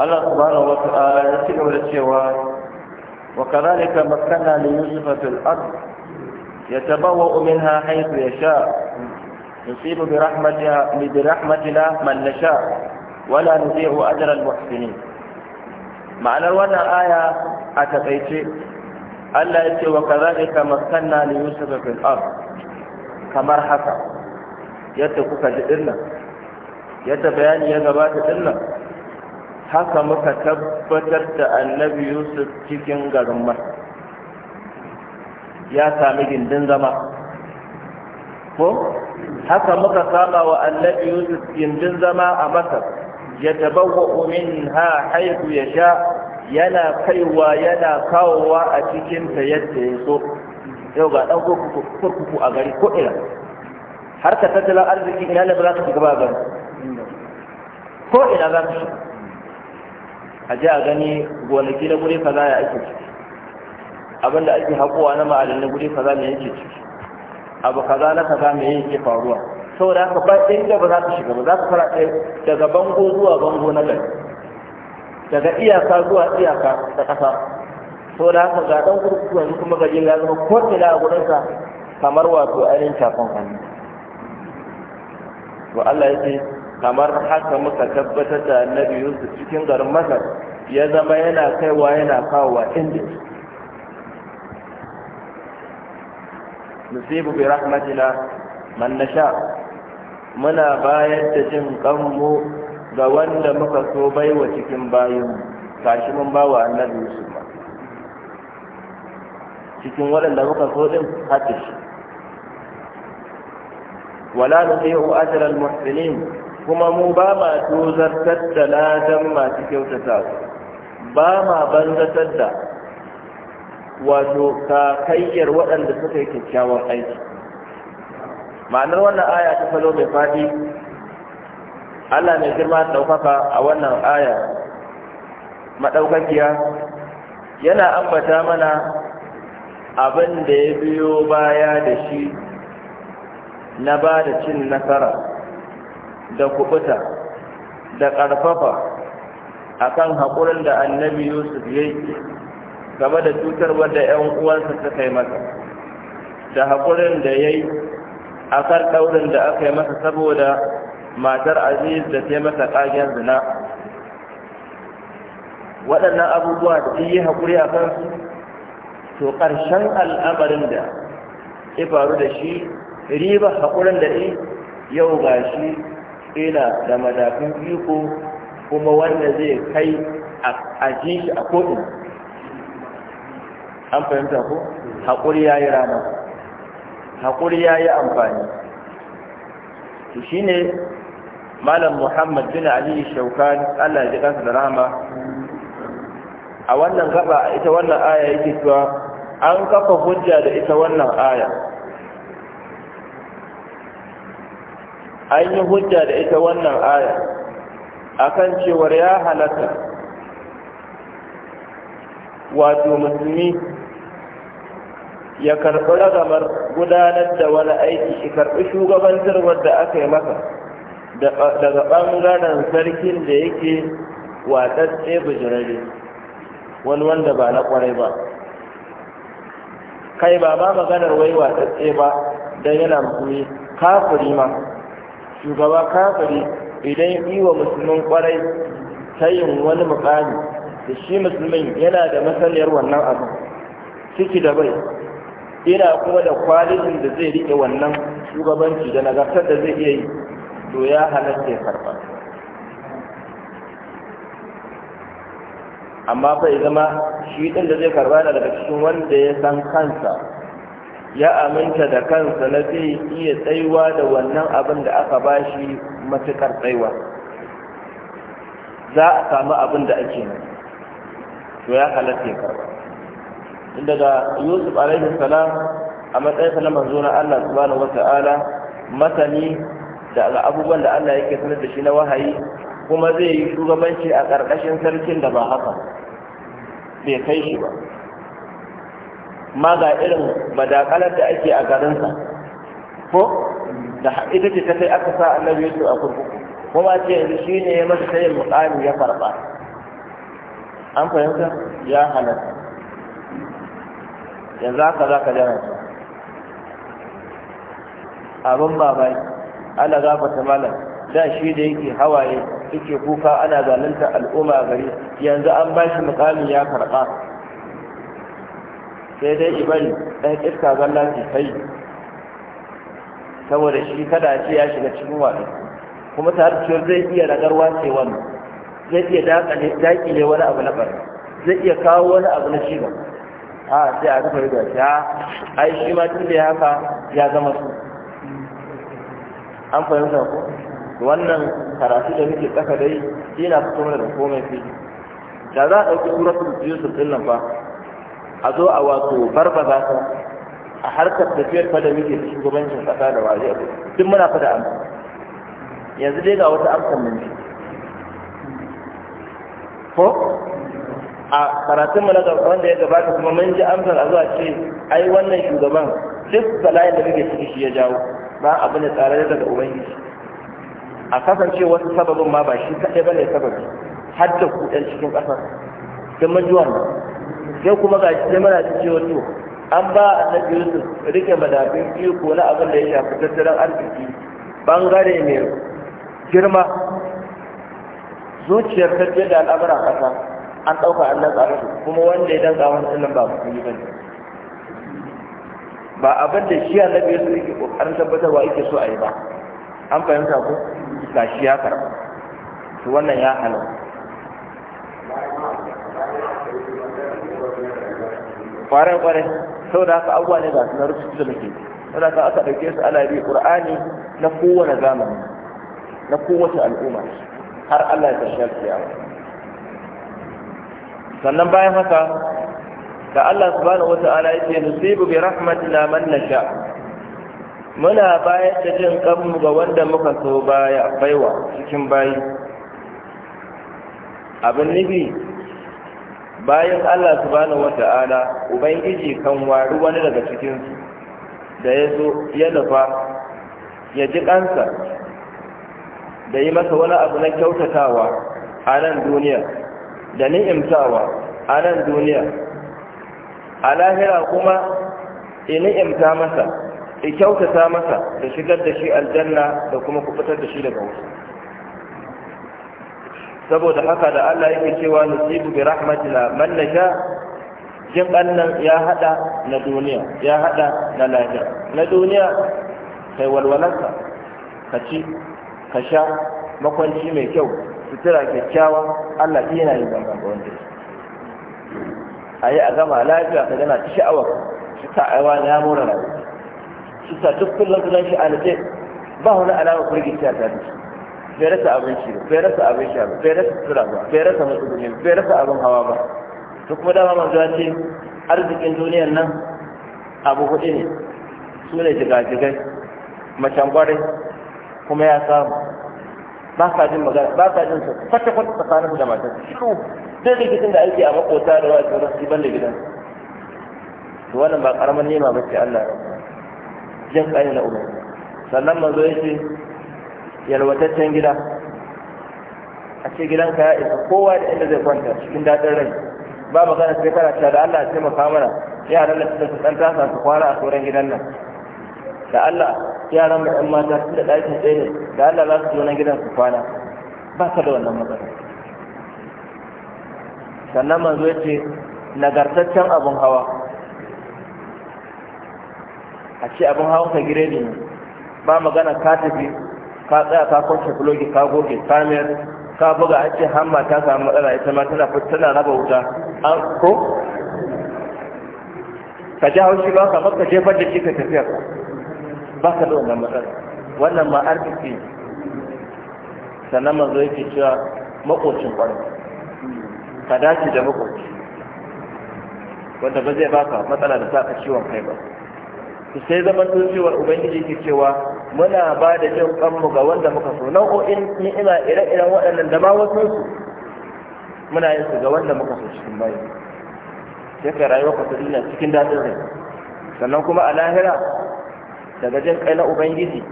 الله سبحانه وتعالى يسلم للشوار وكذلك مكنا ليوسف في الأرض يتبوأ منها حيث يشاء نصيب برحمتنا برحمتنا من نشاء ولا نضيع أجر المحسنين معنى وانا آية أتبعيت ألا يتي وكذلك مكنا ليوسف في الأرض كما حكى يتكوك جئنا يتبعيني يا جبات جئنا haka muka tabbatar da annabi yusuf cikin garin mas ya sami gindin zama ko haka muka saba wa annabi yusuf gindin zama a masar ya tabawa umin ha haihu ya sha yana kaiwa yana kawowa a cikinta yadda ya so yau ga ɗan kurkuku a gari ko ina har ka tattalin arziki ina ne ba za ka shiga ba gari ko ina za ka shiga a je a gani gonaki na guri kaza ya ake ciki abinda ake haƙowa na ma'adin na guri kaza ne yake ciki abu kaza na kaza me yake faruwa saboda haka ba inda ba za ka shiga ba za ka fara ɗaya daga bango zuwa bango na gari daga iyaka zuwa iyaka ta ƙasa saboda haka ga ɗan kurkuku yanzu kuma gajin ya zama ko ina a gurinsa kamar wato ainihin shafan hannu to Allah ya ce kamar haka muka tabbatar da annabi yusuf cikin garin masar ya zama yana kaiwa yana kawowa inda nusibu bi rahmatina man nasha muna bayar da jin kanmu ga wanda muka so baiwa cikin bayin kashi mun bawa annabi yusuf ma cikin waɗanda muka so din hatta shi wala nusibu ajral muhsinin kuma mu ba ma tozartar da ladan masu kyautata ba ma banzatar da wato kakayyar waɗanda suka yi kyakkyawan aiki ma'anar wannan aya ta falo mai faɗi allah mai girma ɗaukaka a wannan aya maɗaukakiya yana ambata mana abin da ya biyo baya da shi na ba da cin nasara da kubuta da ƙarfafa akan haƙurin da annabi yusuf ya yi game da cutar wanda 'yan uwansa ta kai masa da haƙurin da ya yi a kan ɗaurin da aka yi masa saboda matar aziz da ta masa ƙagen zina waɗannan abubuwa da yi haƙuri a kansu to ƙarshen al'amarin da ya faru da shi riba haƙurin da yi yau ga shi ina da madafin iko kuma wanda zai kai a ji shi a ko'in an fahimta ko haƙuri ya yi rana haƙuri ya yi amfani to shi ne malam muhammad bin ali shaukan allah ya kansa da rama. a wannan gaba ita wannan aya yake cewa an kafa hujja da ita wannan aya an yi hujja da ita wannan aya akan cewar ya halatta wato musulmi ya karɓi ragamar gudanar da wani aiki shi karɓi shugabantar wadda aka yi maka, daga ɓangaren sarkin da yake watsatse bujirare wani wanda ba na ƙwarai ba kai ba ma maganar wai watsatse ba don yana musulmi kafuri ma shugaba kafiri idan yi wa musulmin kwarai ta yin wani mukami da shi musulmin yana da masaniyar wannan abu ciki da bai ina kuma da kwalifin da zai riƙe wannan shugabanci da nagartar da zai iya yi to ya halatta ya karɓa amma fa zama shi ɗin da zai karba da daga cikin wanda ya san kansa ya aminta da kansa na zai iya tsaiwa da wannan abin da aka ba shi matuƙar tsaiwa za a samu abin da ake nan to ya halatta ya karba inda ga yusuf alaihi salam a matsayinsa na manzo na allah subhanahu ta'ala masani da abubuwan da allah yake sanar da shi na wahayi kuma zai yi shugabanci a ƙarƙashin sarkin da ba haka bai kai shi ba ma ga irin madakalar da ake a garinsa ko da ita ce ta sai aka sa annabi yusuf a kurkuku kuma ce yanzu shi ne ya masa sayin mukami ya farba an fahimta ya halatta yanzu haka za ka jana su abin babai ana gafata malam da shi da yake hawaye yake kuka ana zalunta al'umma gari yanzu an ba shi mukami ya karɓa sai dai ibari ɗan iska zalla ce kai saboda shi kada ce ya shiga cikin wani kuma tare da zai iya ragarwa ce wani. zai iya dakale ne wani abu na ɓarna zai iya kawo wani abu na shiga a sai a rufe da shi. ai shi ma tun da ya haka ya zama su an fahimta ko wannan karatu da muke tsaka dai yana fito mana da komai fi da za a ɗauki suratul yusuf ɗin nan fa a zo a wato barbaza ta a harkar tafiyar fada muke cikin shugabancin kasa da waje a duk muna fada amsa yanzu dai ga wata amsa mun ji ko a karatun mana wanda ya gabata kuma mun ji amsa a zuwa ce ai wannan shugaban duk bala'in da muke ciki shi ya jawo ba abin da tsare daga ubangiji a kasance wasu sababin ma ba shi kaɗai ba ne sababi har da ku ɗan cikin ƙasar da mun yau kuma ga shi mana da cewa to an ba annabi yusuf rike madafin iko na abin da ya shafi tattalin arziki bangare mai girma zuciyar tafiyar da al'amuran ƙasa an ɗauka an nan su kuma wanda ya danga wani sunan ba mutum yi bane ba abin da shi annabi yusuf yake ƙoƙarin tabbatarwa yake so a yi ba an fahimta ko ga shi ya karɓa to wannan ya halatta kwarar kwarai sau da haka abuwa ne ga su na rufe da muke saboda haka aka ɗauke su ana bi ƙur'ani na kowane zamani na kowace al'umma har Allah ya tashi alkiyama sannan bayan haka da Allah su subhanahu wata'ala yake nusibu bi rahmatina man nasha muna bayar da jin kanmu ga wanda muka so baya baiwa cikin bayi abin nufi bayan Allah subhanahu wata'ala ubangiji kan wari wani daga cikin su da ya ya nufa ya ji kansa da yi masa wani abu na kyautatawa a nan duniya da ni'imtawa a nan duniya a lahira kuma ya ni'imta masa ya kyautata masa da shigar da shi aljanna da kuma kubutar da shi daga wasu saboda haka da Allah yake cewa nasibu bi rahmatina man nasha jin annan ya hada na duniya ya hada na lafiya na duniya kai walwalanka ka ci ka sha makwanci mai kyau sutura kyakkyawa Allah shi yana yin banban ga wanda a yi a gama lafiya ka gana ta sha'awar shi ta aiwa na ya mora rayuwa shi ta duk kullum sunan shi alaje ba wani alama firgita ta dace bai rasa abinci ba bai rasa abin sha ba bai rasa sura ba bai rasa matsuguni ba bai rasa abin hawa ba to kuma dama manzo ya ce arzikin duniyar nan abu hudu ne su ne jigajigai macen kwarai kuma ya samu ba ka jin magana ba ka jin sa kwata kwata tsakanin da mata shiru duk rikicin da ake a makota da wa tsoron su ban da gidan to wannan ba karamar nema ba ce Allah jin kayan na umar sannan manzo ya ce yalwataccen gida a ce gidanka ya isa kowa da inda zai kwanta cikin daɗin rai ba magana sai kana cewa da Allah ya taimaka mana yaran da suka san tasa su kwana a sauran gidan nan da Allah yaran mu ɗan mata su da ɗakin ɗaya ne da Allah za su zo nan gidan su kwana ba ka da wannan magana. sannan manzo ya ce nagartaccen abin hawa a ce abin hawa ka gire ne ba magana ka tafi ka tsaya ka kwanke fulogi ka goge kamiyar ka buga an ce hamma ta samu matsala ita ma tana tana raba wuta an ko ka ji haushi ba ka maka jefar da shi ka tafiya ka ba ka da wannan matsala wannan ma arziki sannan manzo yake cewa makocin kwarai ka dace da makoci wanda ba zai baka matsala da sa ka ciwon kai ba sai zaman cewar ubangiji ke cewa muna ba da jin kanmu ga wanda muka so nau'o'in ni'ima ire-iren waɗannan da ma wasu muna yin su ga wanda muka so cikin bayi sai ka rayuwa ka su dina cikin daɗin rai sannan kuma a lahira daga jin kai na ubangiji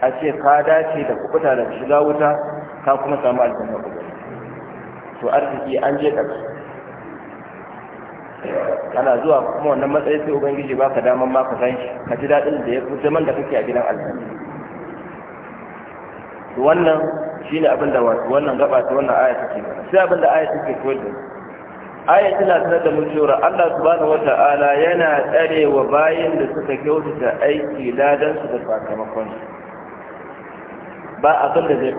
a ce ka dace da kubuta da shiga wuta ka kuma samu aljanna ubangiji to arziki an je ƙarshe ana zuwa kuma wannan matsayi sai ubangiji ba ka daman ma ka san shi ka ji daɗin da ya fi zaman da kake a gidan aljanna wannan shine abin da wannan gaba ta wannan aya take mana sai abin da aya take koyar da aya tana sanar da mu cewa Allah subhanahu wata'ala yana tsare wa bayin da suka kyautata aiki ladan su da sakamakon su ba abin da zai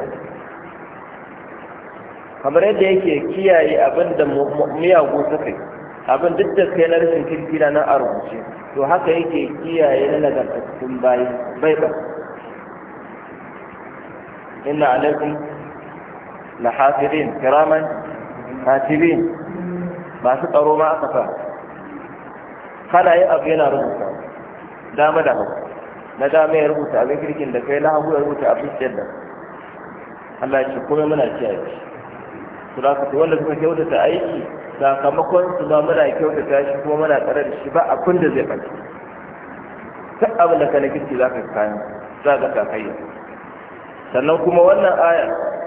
kamar yadda yake kiyaye abin da miyagu suka yi abin duk da kai na rashin kirki na nan a rubuce to haka yake kiyaye na nagartattun bayi bai ba inna alaikum la hafirin kiraman hatibin masu tsaro ma aka fa kana yi abu yana rubuta dama da hau na dama ya rubuta abin kirkin da kai na hagu ya rubuta abin siyar da Allah ya ce kuma muna kiyaye su da wanda suka kyautata aiki sakamakon su ba muna kyautata shi kuma muna tsare da shi ba abin da zai ɓace ta abu da ka na kirki za ka kayan za ka kakayya sannan kuma wannan aya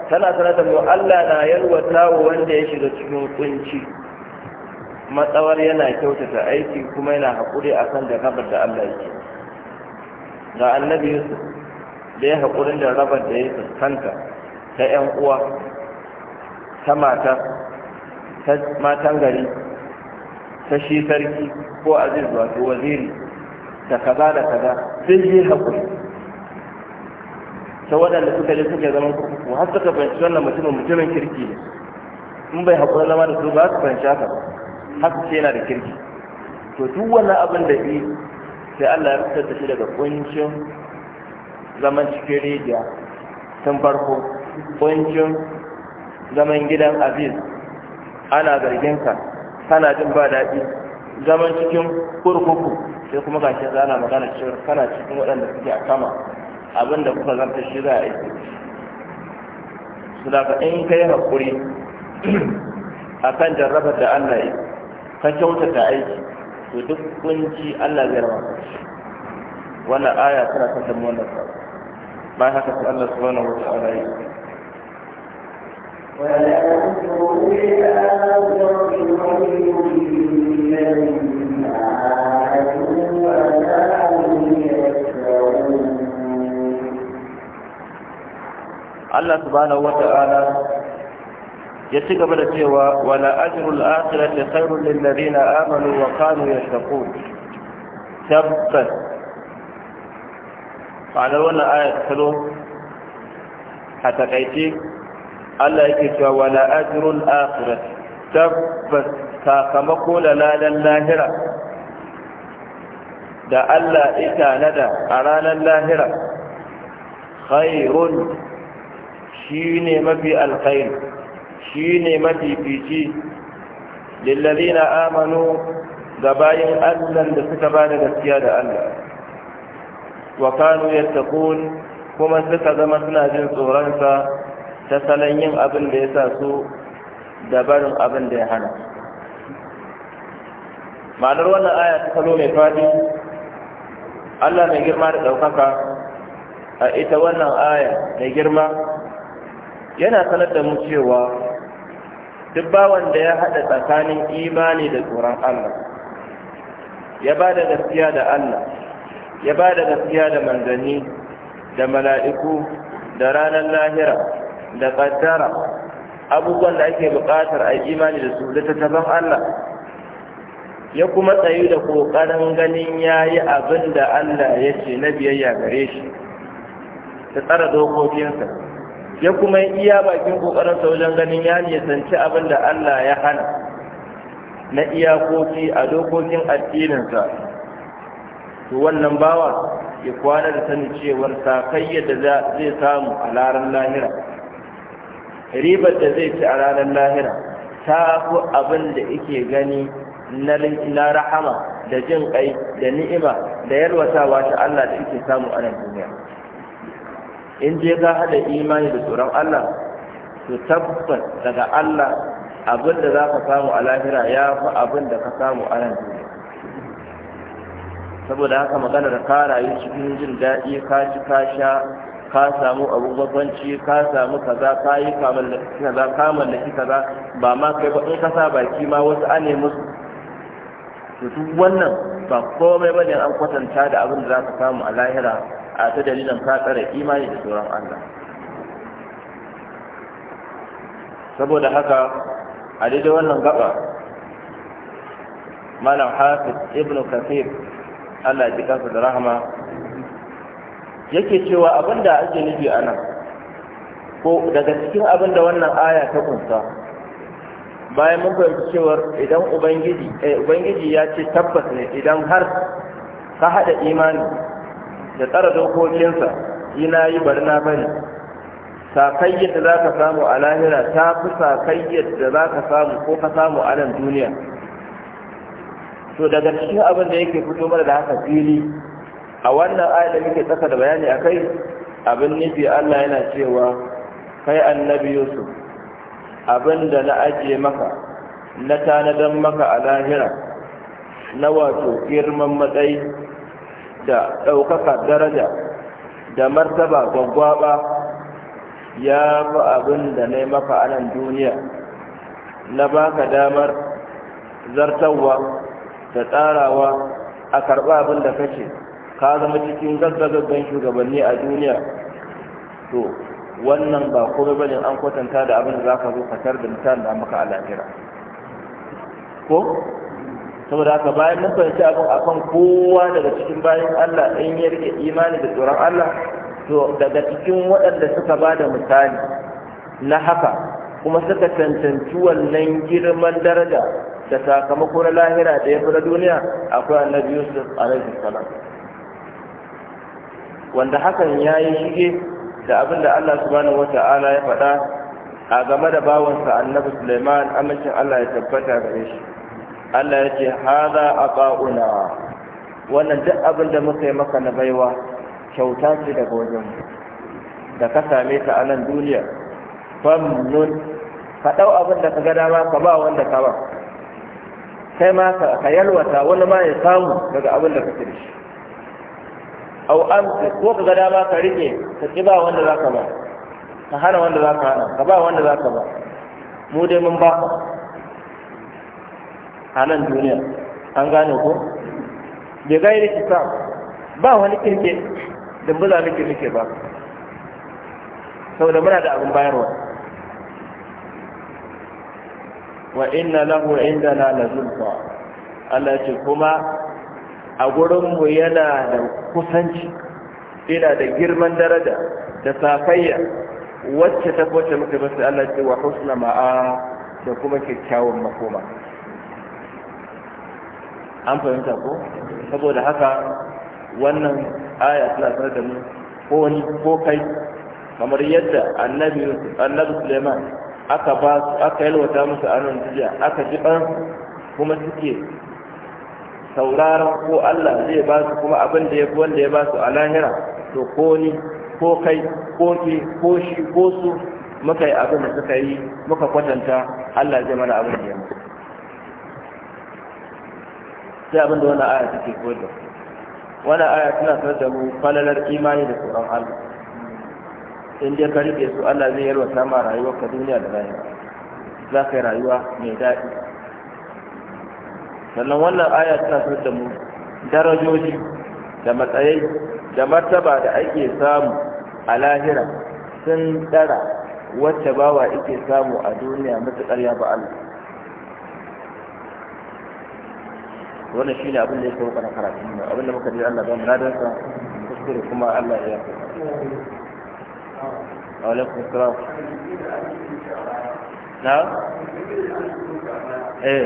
tana sanar da mu Allah na yalwata wa wanda ya shiga cikin kunci matsawar yana kyautata aiki kuma yana haƙuri akan da rabar da Allah yake ga annabi Yusuf da ya haƙurin da rabar da ya fuskanta ta 'yan uwa ta mata ta matan gari ta shi sarki ko aziz wato waziri da kaza da kaza sun yi haƙuri ta waɗanda suka je suke zaman kurkuku har suka fahimci wannan mutumin mutumin kirki ne in bai haƙuri zama da su ba su fahimci haka ba su ce yana da kirki to duk wannan abin da yi sai Allah ya fitar da shi daga kuncin zaman cikin rijiya tun farko kuncin zaman gidan aziz ana zargin ka kana jin ba daɗi zaman cikin kurkuku sai kuma ga shi ana magana cewa kana cikin waɗanda suke a kama Abinda kuka zarta shi za a yi su da ka in kai haƙuri a kan jarrabar da Allah yi ka kyautata aiki to duk kunci Allah zai rawa wannan aya tana kan da mu wannan ba haka sai Allah wani wata ala yi Allah subhanahu wata'ala ya ci gaba da cewa wala ajrul akhirati khairul lil ladina amanu wa kanu yattaqun tabbas ma'anar wannan ayatul ta zo a takaice Allah yake cewa wala ajrul akhirah tabbas sakamako da ladan lahira da Allah ita nada a ranar lahira khairun shine mafi alkhair shine mafi fici lillazina amanu ga bayin Allah da suka bada gaskiya da Allah wa kanu yattaqun kuma suka zama suna jin tsoronsa ta salon yin abin da ya sa su da barin abin da ya hana ma'anar wannan aya ta salo mai fadi allah mai girma da ɗaukaka a ita wannan aya mai girma yana sanar da mu cewa duk bawan da ya haɗa tsakanin imani da tsoron allah ya ba da gaskiya da allah ya ba da gaskiya da manzanni da mala'iku da ranar lahira da kaddara abubuwan da ake buƙatar a imani da su da tattaban Allah ya kuma tsayu da ƙoƙarin ganin ya yi abin da Allah ya ce na biyayya gare shi ta tsara dokokinsa ya kuma yi iya bakin ƙoƙarinsa wajen ganin ya nisanci abin da Allah ya hana na iyakoki a dokokin addininsa to wannan bawa ya kwana da sanin cewar sakayyar da zai samu a laran lahira ribar da zai ci a ranar lahira ta fi abin da yake gani na rahama da jin kai da ni'ima da yalwatawa ta Allah da yake samu a nan duniya in je ka hada imani da tsoron Allah to tabbas daga Allah abin da za ka samu a lahira ya fi abin da ka samu a nan duniya saboda haka maganar ka rayu cikin jin daɗi ka ci ka sha ka samu abun gwagwanci ka samu kaza ka yi kaza ka mallaki kaza ba ma kai ba in ka sa baki ma wasu an ne musu to wannan ba komai bane an kwatanta da abin da za ka samu a lahira a ta dalilin ka tsare imani da tsoron Allah saboda haka a daidai wannan gaba malam hafiz ibnu kafir Allah ya ji da rahama yake cewa abin da ake nufi a nan ko daga cikin abin wannan aya ta kunsa bayan mun fahimci cewar idan eh, ubangiji ya ce tabbas ne idan har ka haɗa imani da tsara dokokinsa ina yi bari na bari sakayyar da za ka samu a lahira ta fi sakayyar da za ka samu ko ka samu a nan duniya to daga cikin abin da yake fito mana da haka fili a wannan aya da muke tsaka da bayani a kai abin nufi Allah yana cewa kai annabi Yusuf abin da na ajiye maka na tanadan maka a lahira na wato girman matsayi da ɗaukaka daraja da martaba gwaggwaba ya fi abin da na maka a nan duniya na baka damar zartarwa da tsarawa a karɓa abin da ce. ka zama cikin gaggagaggan shugabanni a duniya to wannan ba kuma bane an kwatanta da abin da za ka zo fatar da mutan da maka a ko saboda haka bayan mun fahimci abin akan kowa daga cikin bayan Allah in ya rike imani da tsoron Allah to daga cikin waɗanda suka ba da misali na haka kuma suka cancanci wannan girman daraja da sakamako na lahira da ya fi na duniya akwai annabi Yusuf alaihi salam wanda hakan ya yi shige da abin da Allah subhanahu wa ta'ala ya faɗa a game da bawansa annabi Sulaiman amincin Allah ya tabbata gare shi Allah ya ce haza aqauna wannan duk abin da muka yi maka na baiwa kyauta ce daga wajen da ka same ta a nan duniya famnun ka dau abin da ka ga dama ka ba wanda ka ba kai ma ka yalwata wani ma ya samu daga abin da kake da shi au amsi ko ka ga dama ka rike ka ki ba wanda zaka ba ka hana wanda zaka hana ka ba wanda zaka ba mu dai mun ba a nan duniya an gane ko bai gairi hisab ba wani kirke da mu za nake nake ba saboda muna da abin bayarwa wa inna lahu indana la zulfa Allah ce kuma a gurinmu yana da kusanci yana da girman daraja da safayya wacce ta kwace muka masu Allah ce wa husna ma'a da kuma kyakkyawan makoma an fahimta ko saboda haka wannan aya suna sanar da mu ko wani ko kai kamar yadda annabi annabi Suleiman aka ba aka yalwata musu anan jiya aka ji kuma suke sauraron ko Allah zai ba su kuma abin da ya fi wanda ya ba su a lahira to ko ni ko kai ko ke ko shi ko su muka yi abin da suka yi muka kwatanta Allah zai mana abin da ya mutu sai abin da wani aya take koyar da wani aya tana sanar da mu falalar imani da tsoron Allah in dai ka rike su Allah zai yarwa sama ka duniya da lahira za ka yi rayuwa mai daɗi sannan wannan aya tana sanar da mu darajoji da matsayi da martaba da ake samu a lahira sun dara wacce bawa ake samu a duniya matuƙar ya ba Allah wannan shine abin da ya sauka na karatu? abin da muka ji Allah ba mu ladansa kuskure kuma Allah ya yafe alaikum assalam na eh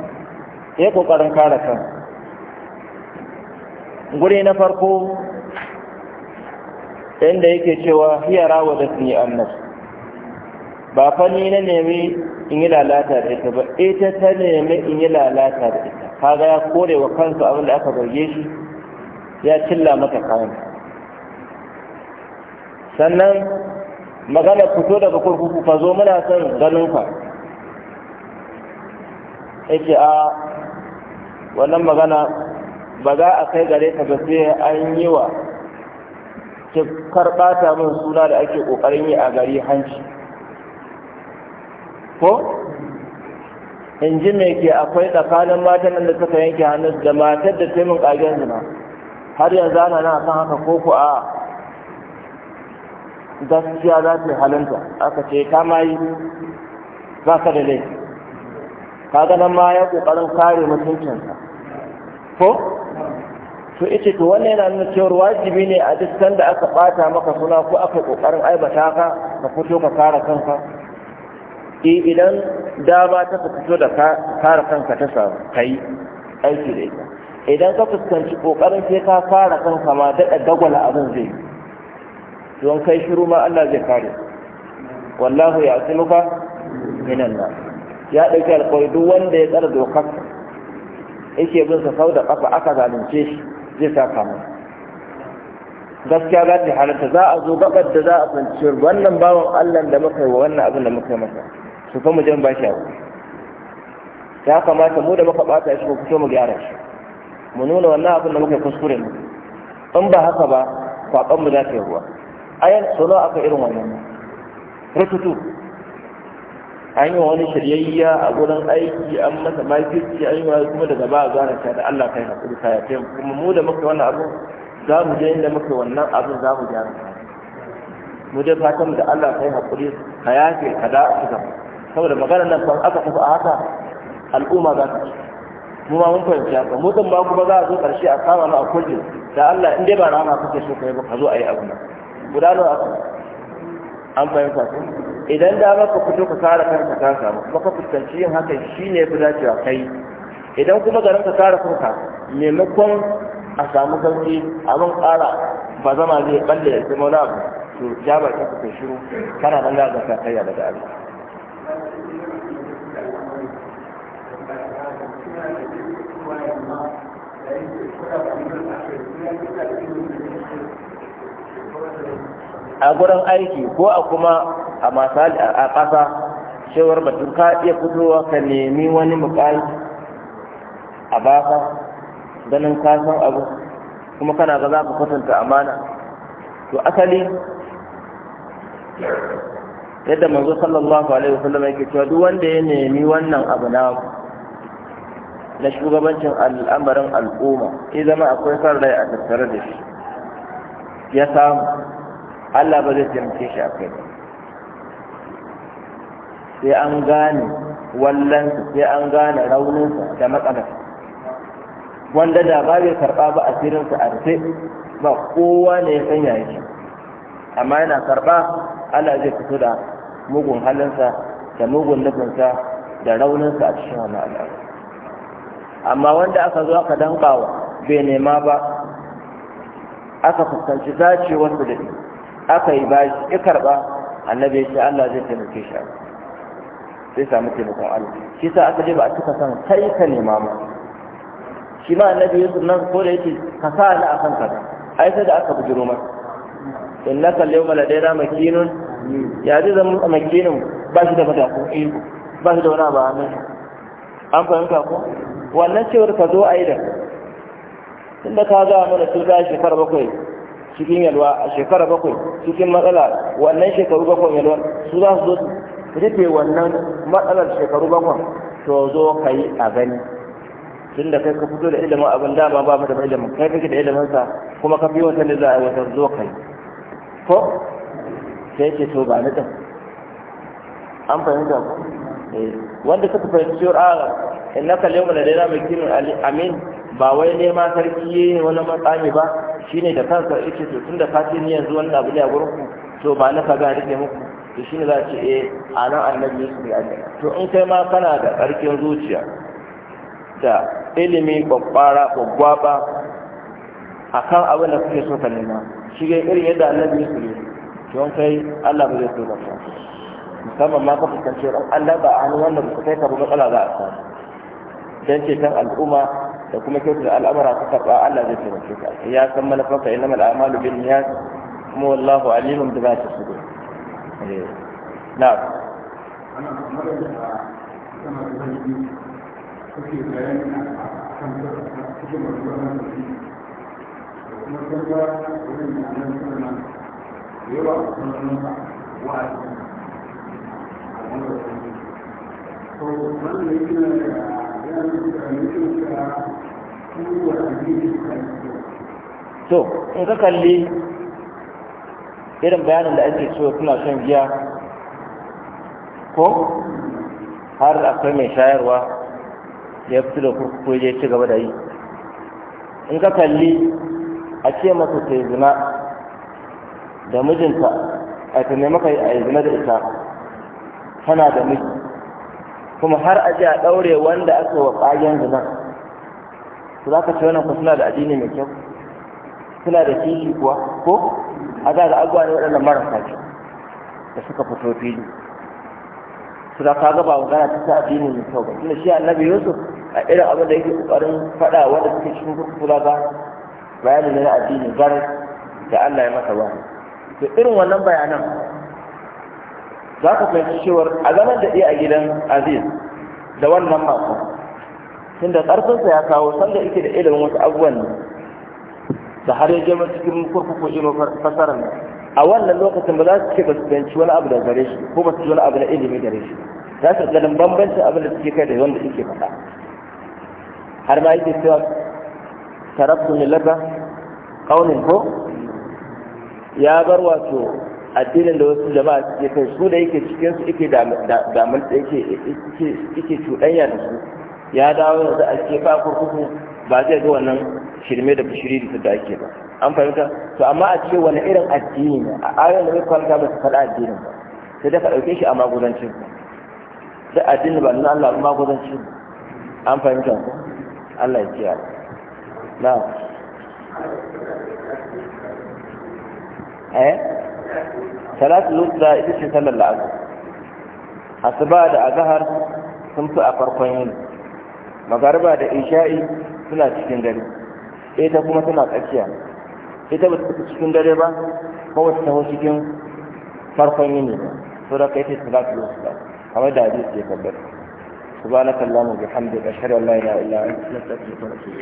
ya kokarin kare kan guri na farko inda yake cewa hiya rawa da ni annas ba fa ni na nemi in yi lalata da ita ba ita ta nemi in yi lalata da ita kaga ya kore wa kansu abin da aka zarge shi ya cilla mata kayan sannan magana fito daga kurkuku ka zo muna son ganin ka yake a wannan magana ba za a kai gare ta ba sai an yi wa karɓa ta min suna da ake ƙoƙarin yi a gari hanci ko in ji me ke akwai tsakanin matan da suka yanke hannun da matar da taimun ƙagen zina har yanzu ana na kan haka ko ku a gaskiya za su halinta aka ce ta ma yi ba ka da laifi kaga nan ma ya kokarin kare mutuncinsa ko to ita to wannan yana nuna cewa wajibi ne a duk sanda aka bata maka suna ko aka kokarin aibata ka ka fito ka kare kanka eh idan dama ta fito da kare kanka ta samu kai aiki da ita idan ka fuskanci kokarin sai ka kare kanka ma da dagwala abin zai don kai shiru ma Allah zai kare wallahu ya minan nas ya ɗauki alƙawari duk wanda ya tsara dokar yake bin sa sau da ƙafa aka zalunce shi zai sa mai gaskiya za ta halatta za a zo gabar da za a tsanci wannan bawan Allah da muka yi wa wannan abin da muka yi masa su fa mu jan ba shi abu ya kamata mu da muka bata shi ko fito mu gyara shi mu nuna wannan abin da muka yi kuskure mu in ba haka ba kwakwan mu za ta yi ruwa ayan sono aka irin wannan rututu an yi wani shiryayya a gurin aiki an masa makirci an yi wa kuma daga ba a gane ka da Allah kai haƙuri ka yafe kuma mu da muka wannan abu za mu je inda muka wannan abin za mu gyara ka mu je fatan da Allah kai haƙuri ka yafe ka da ka ga saboda maganar nan ban aka kufa a haka al'umma za ta ci mu ma mun fahimci haka mu zan ba ku ba za a zo karshe a kama mu a kullum da Allah in dai ba rana kake so ka yi ba ka zo a yi abu nan gudanar an fahimta ku idan da ka fito ka kare kanka ka samu ka fuskanci yin hakan shi shine fi dacewa kai idan kuma garin ka kare kanka maimakon a samu sauki abin ƙara ba zama zai balle ya zama wani abu to jabar ka shiru kana nan da ka kai daga Allah a gurin aiki ko a kuma a masali a ƙasa cewar batun ka iya fitowa ka nemi wani mukali a baka ganin ka san abu kuma kana ga za ka kwatanta amana to asali yadda manzo sallallahu alaihi wasallam yake cewa duk wanda ya nemi wannan abu na na shugabancin al'amarin al'umma ya zama akwai kan rai a tattare da shi ya samu Allah ba zai taimake shi a kai ba sai an gane wallansa sai an gane rauninsa da matsalar wanda da ba zai karɓa ba a asirinsa a rufe ba kowa ne ya sanya yake amma yana karɓa Allah zai fito da mugun halinsa da mugun nufinsa da rauninsa a cikin wani al'adu. amma wanda aka zo aka danƙawa bai nema ba aka fuskanci dacewarsa da ita aka yi bashi ya karba annabi ya ce Allah zai taimake shi zai samu taimakon Allah shi sa aka je ba a cika san kai ka nema mu shi ma annabi ya nan ko da yake ka sa ni a kanka ai sai da aka bujiro masa innaka al-yawma ladaina makinun ya zai zama makinun ba shi da madafun iko ba shi da wani ba ne an fahimta ko wannan cewar ka zo a yi da tunda ka ga mana tun da shekara bakwai cikin yalwa a shekara bakwai cikin matsala wannan shekaru bakwai yalwa su za su zo rufe wannan matsalar shekaru bakwai to zo ka yi a gani tun da kai ka fito da ilimin abin dama ba mu da ilimin kai kake da ilimin sa kuma ka fi wata ne za a wata zo ka yi ko sai ce to ba ni din an fahimta ko eh, wanda suka fahimci cewar a innaka liyawma ladaina makinun amin ba wai ma sarki ya wani matsami ba shine da kansa yake to tunda da ce ni yanzu wannan abu ne a gurin ku to ba na kaga rike muku to shine za ce eh a nan annabi Yusuf ya ce to in kai ma kana da ƙarfin zuciya da ilimi kwakwara a akan abin da kuke so ka nema shi ga irin yadda annabi Yusuf ya to in kai Allah ba zai so ka musamman ma ka fuskanci ran Allah ba a hannun ku ba kai ka ba matsala za a samu dan ceton al'umma da kuma kyautar al'amara ta karɓa Allah zai taimake ka ya san manufarka mal amalu bin niyyat kuma wallahu alimun bi zati sudur na'am yawa to in ka kalli irin bayanin da ake so kuna shan giya ko har akwai mai shayarwa ya fito da kurkuku ya ci gaba da yi in ka kalli a ce masa ta yi zina da mijinta a ta nemaka a yi zina da ita tana da miji kuma har a a ɗaure wanda aka wa ƙagen zinan su za ka ce wannan ku suna da addini mai kyau suna da kishi kuwa ko a za da abuwa ne waɗannan marasa kyau da suka fito fili su da kaga ba magana ta ta addini mai kyau ba tunda shi annabi yusuf a irin abin da yake ƙoƙarin faɗa wanda suke cikin kurkukula ba bayani ne na addini gar da Allah ya masa ba. to irin wannan bayanan za ka fahimci cewar a zaman da a gidan aziz da wannan bakon tunda ƙarfinsa ya kawo sanda yake da ilimin wasu abubuwan ne da har ya jama cikin kurkuku fasara fasarar a wannan lokacin ba za su ce ba su danci wani abu da gare shi ko ba su wani abu na ilimi gare shi za su ganin bambancin abin da suke kai da wanda suke faɗa har ma yake cewa tarabtu ne lada ƙaunin ko ya bar wato addinin da wasu jama'a suke kai su da yake cikin su yake damar da yake cuɗanya da su ya dawo yanzu a ke fa kurkuku ba zai ga wannan shirme da bishiri da da ake ba an fahimta to amma a ce wani irin addini ne a ayoyin da muka kwanta ba su faɗa addinin ba sai ka ɗauke shi a magudancin sai addini ba nuna Allah magudancin an fahimta ko Allah ya kiyaye na'am eh salatu lutsa ita ce sallar la'asar asuba da azahar sun fi a farkon yini magariba da isha'i suna cikin dare ita kuma suna tsakiya ita ba ta cikin dare ba ko ta taho cikin farkon yini ba so da kai ta salatu lutsa kamar da hadisi ya tabbata subhanakallahumma bihamdika ashhadu an la ilaha illa anta astaghfiruka wa atubu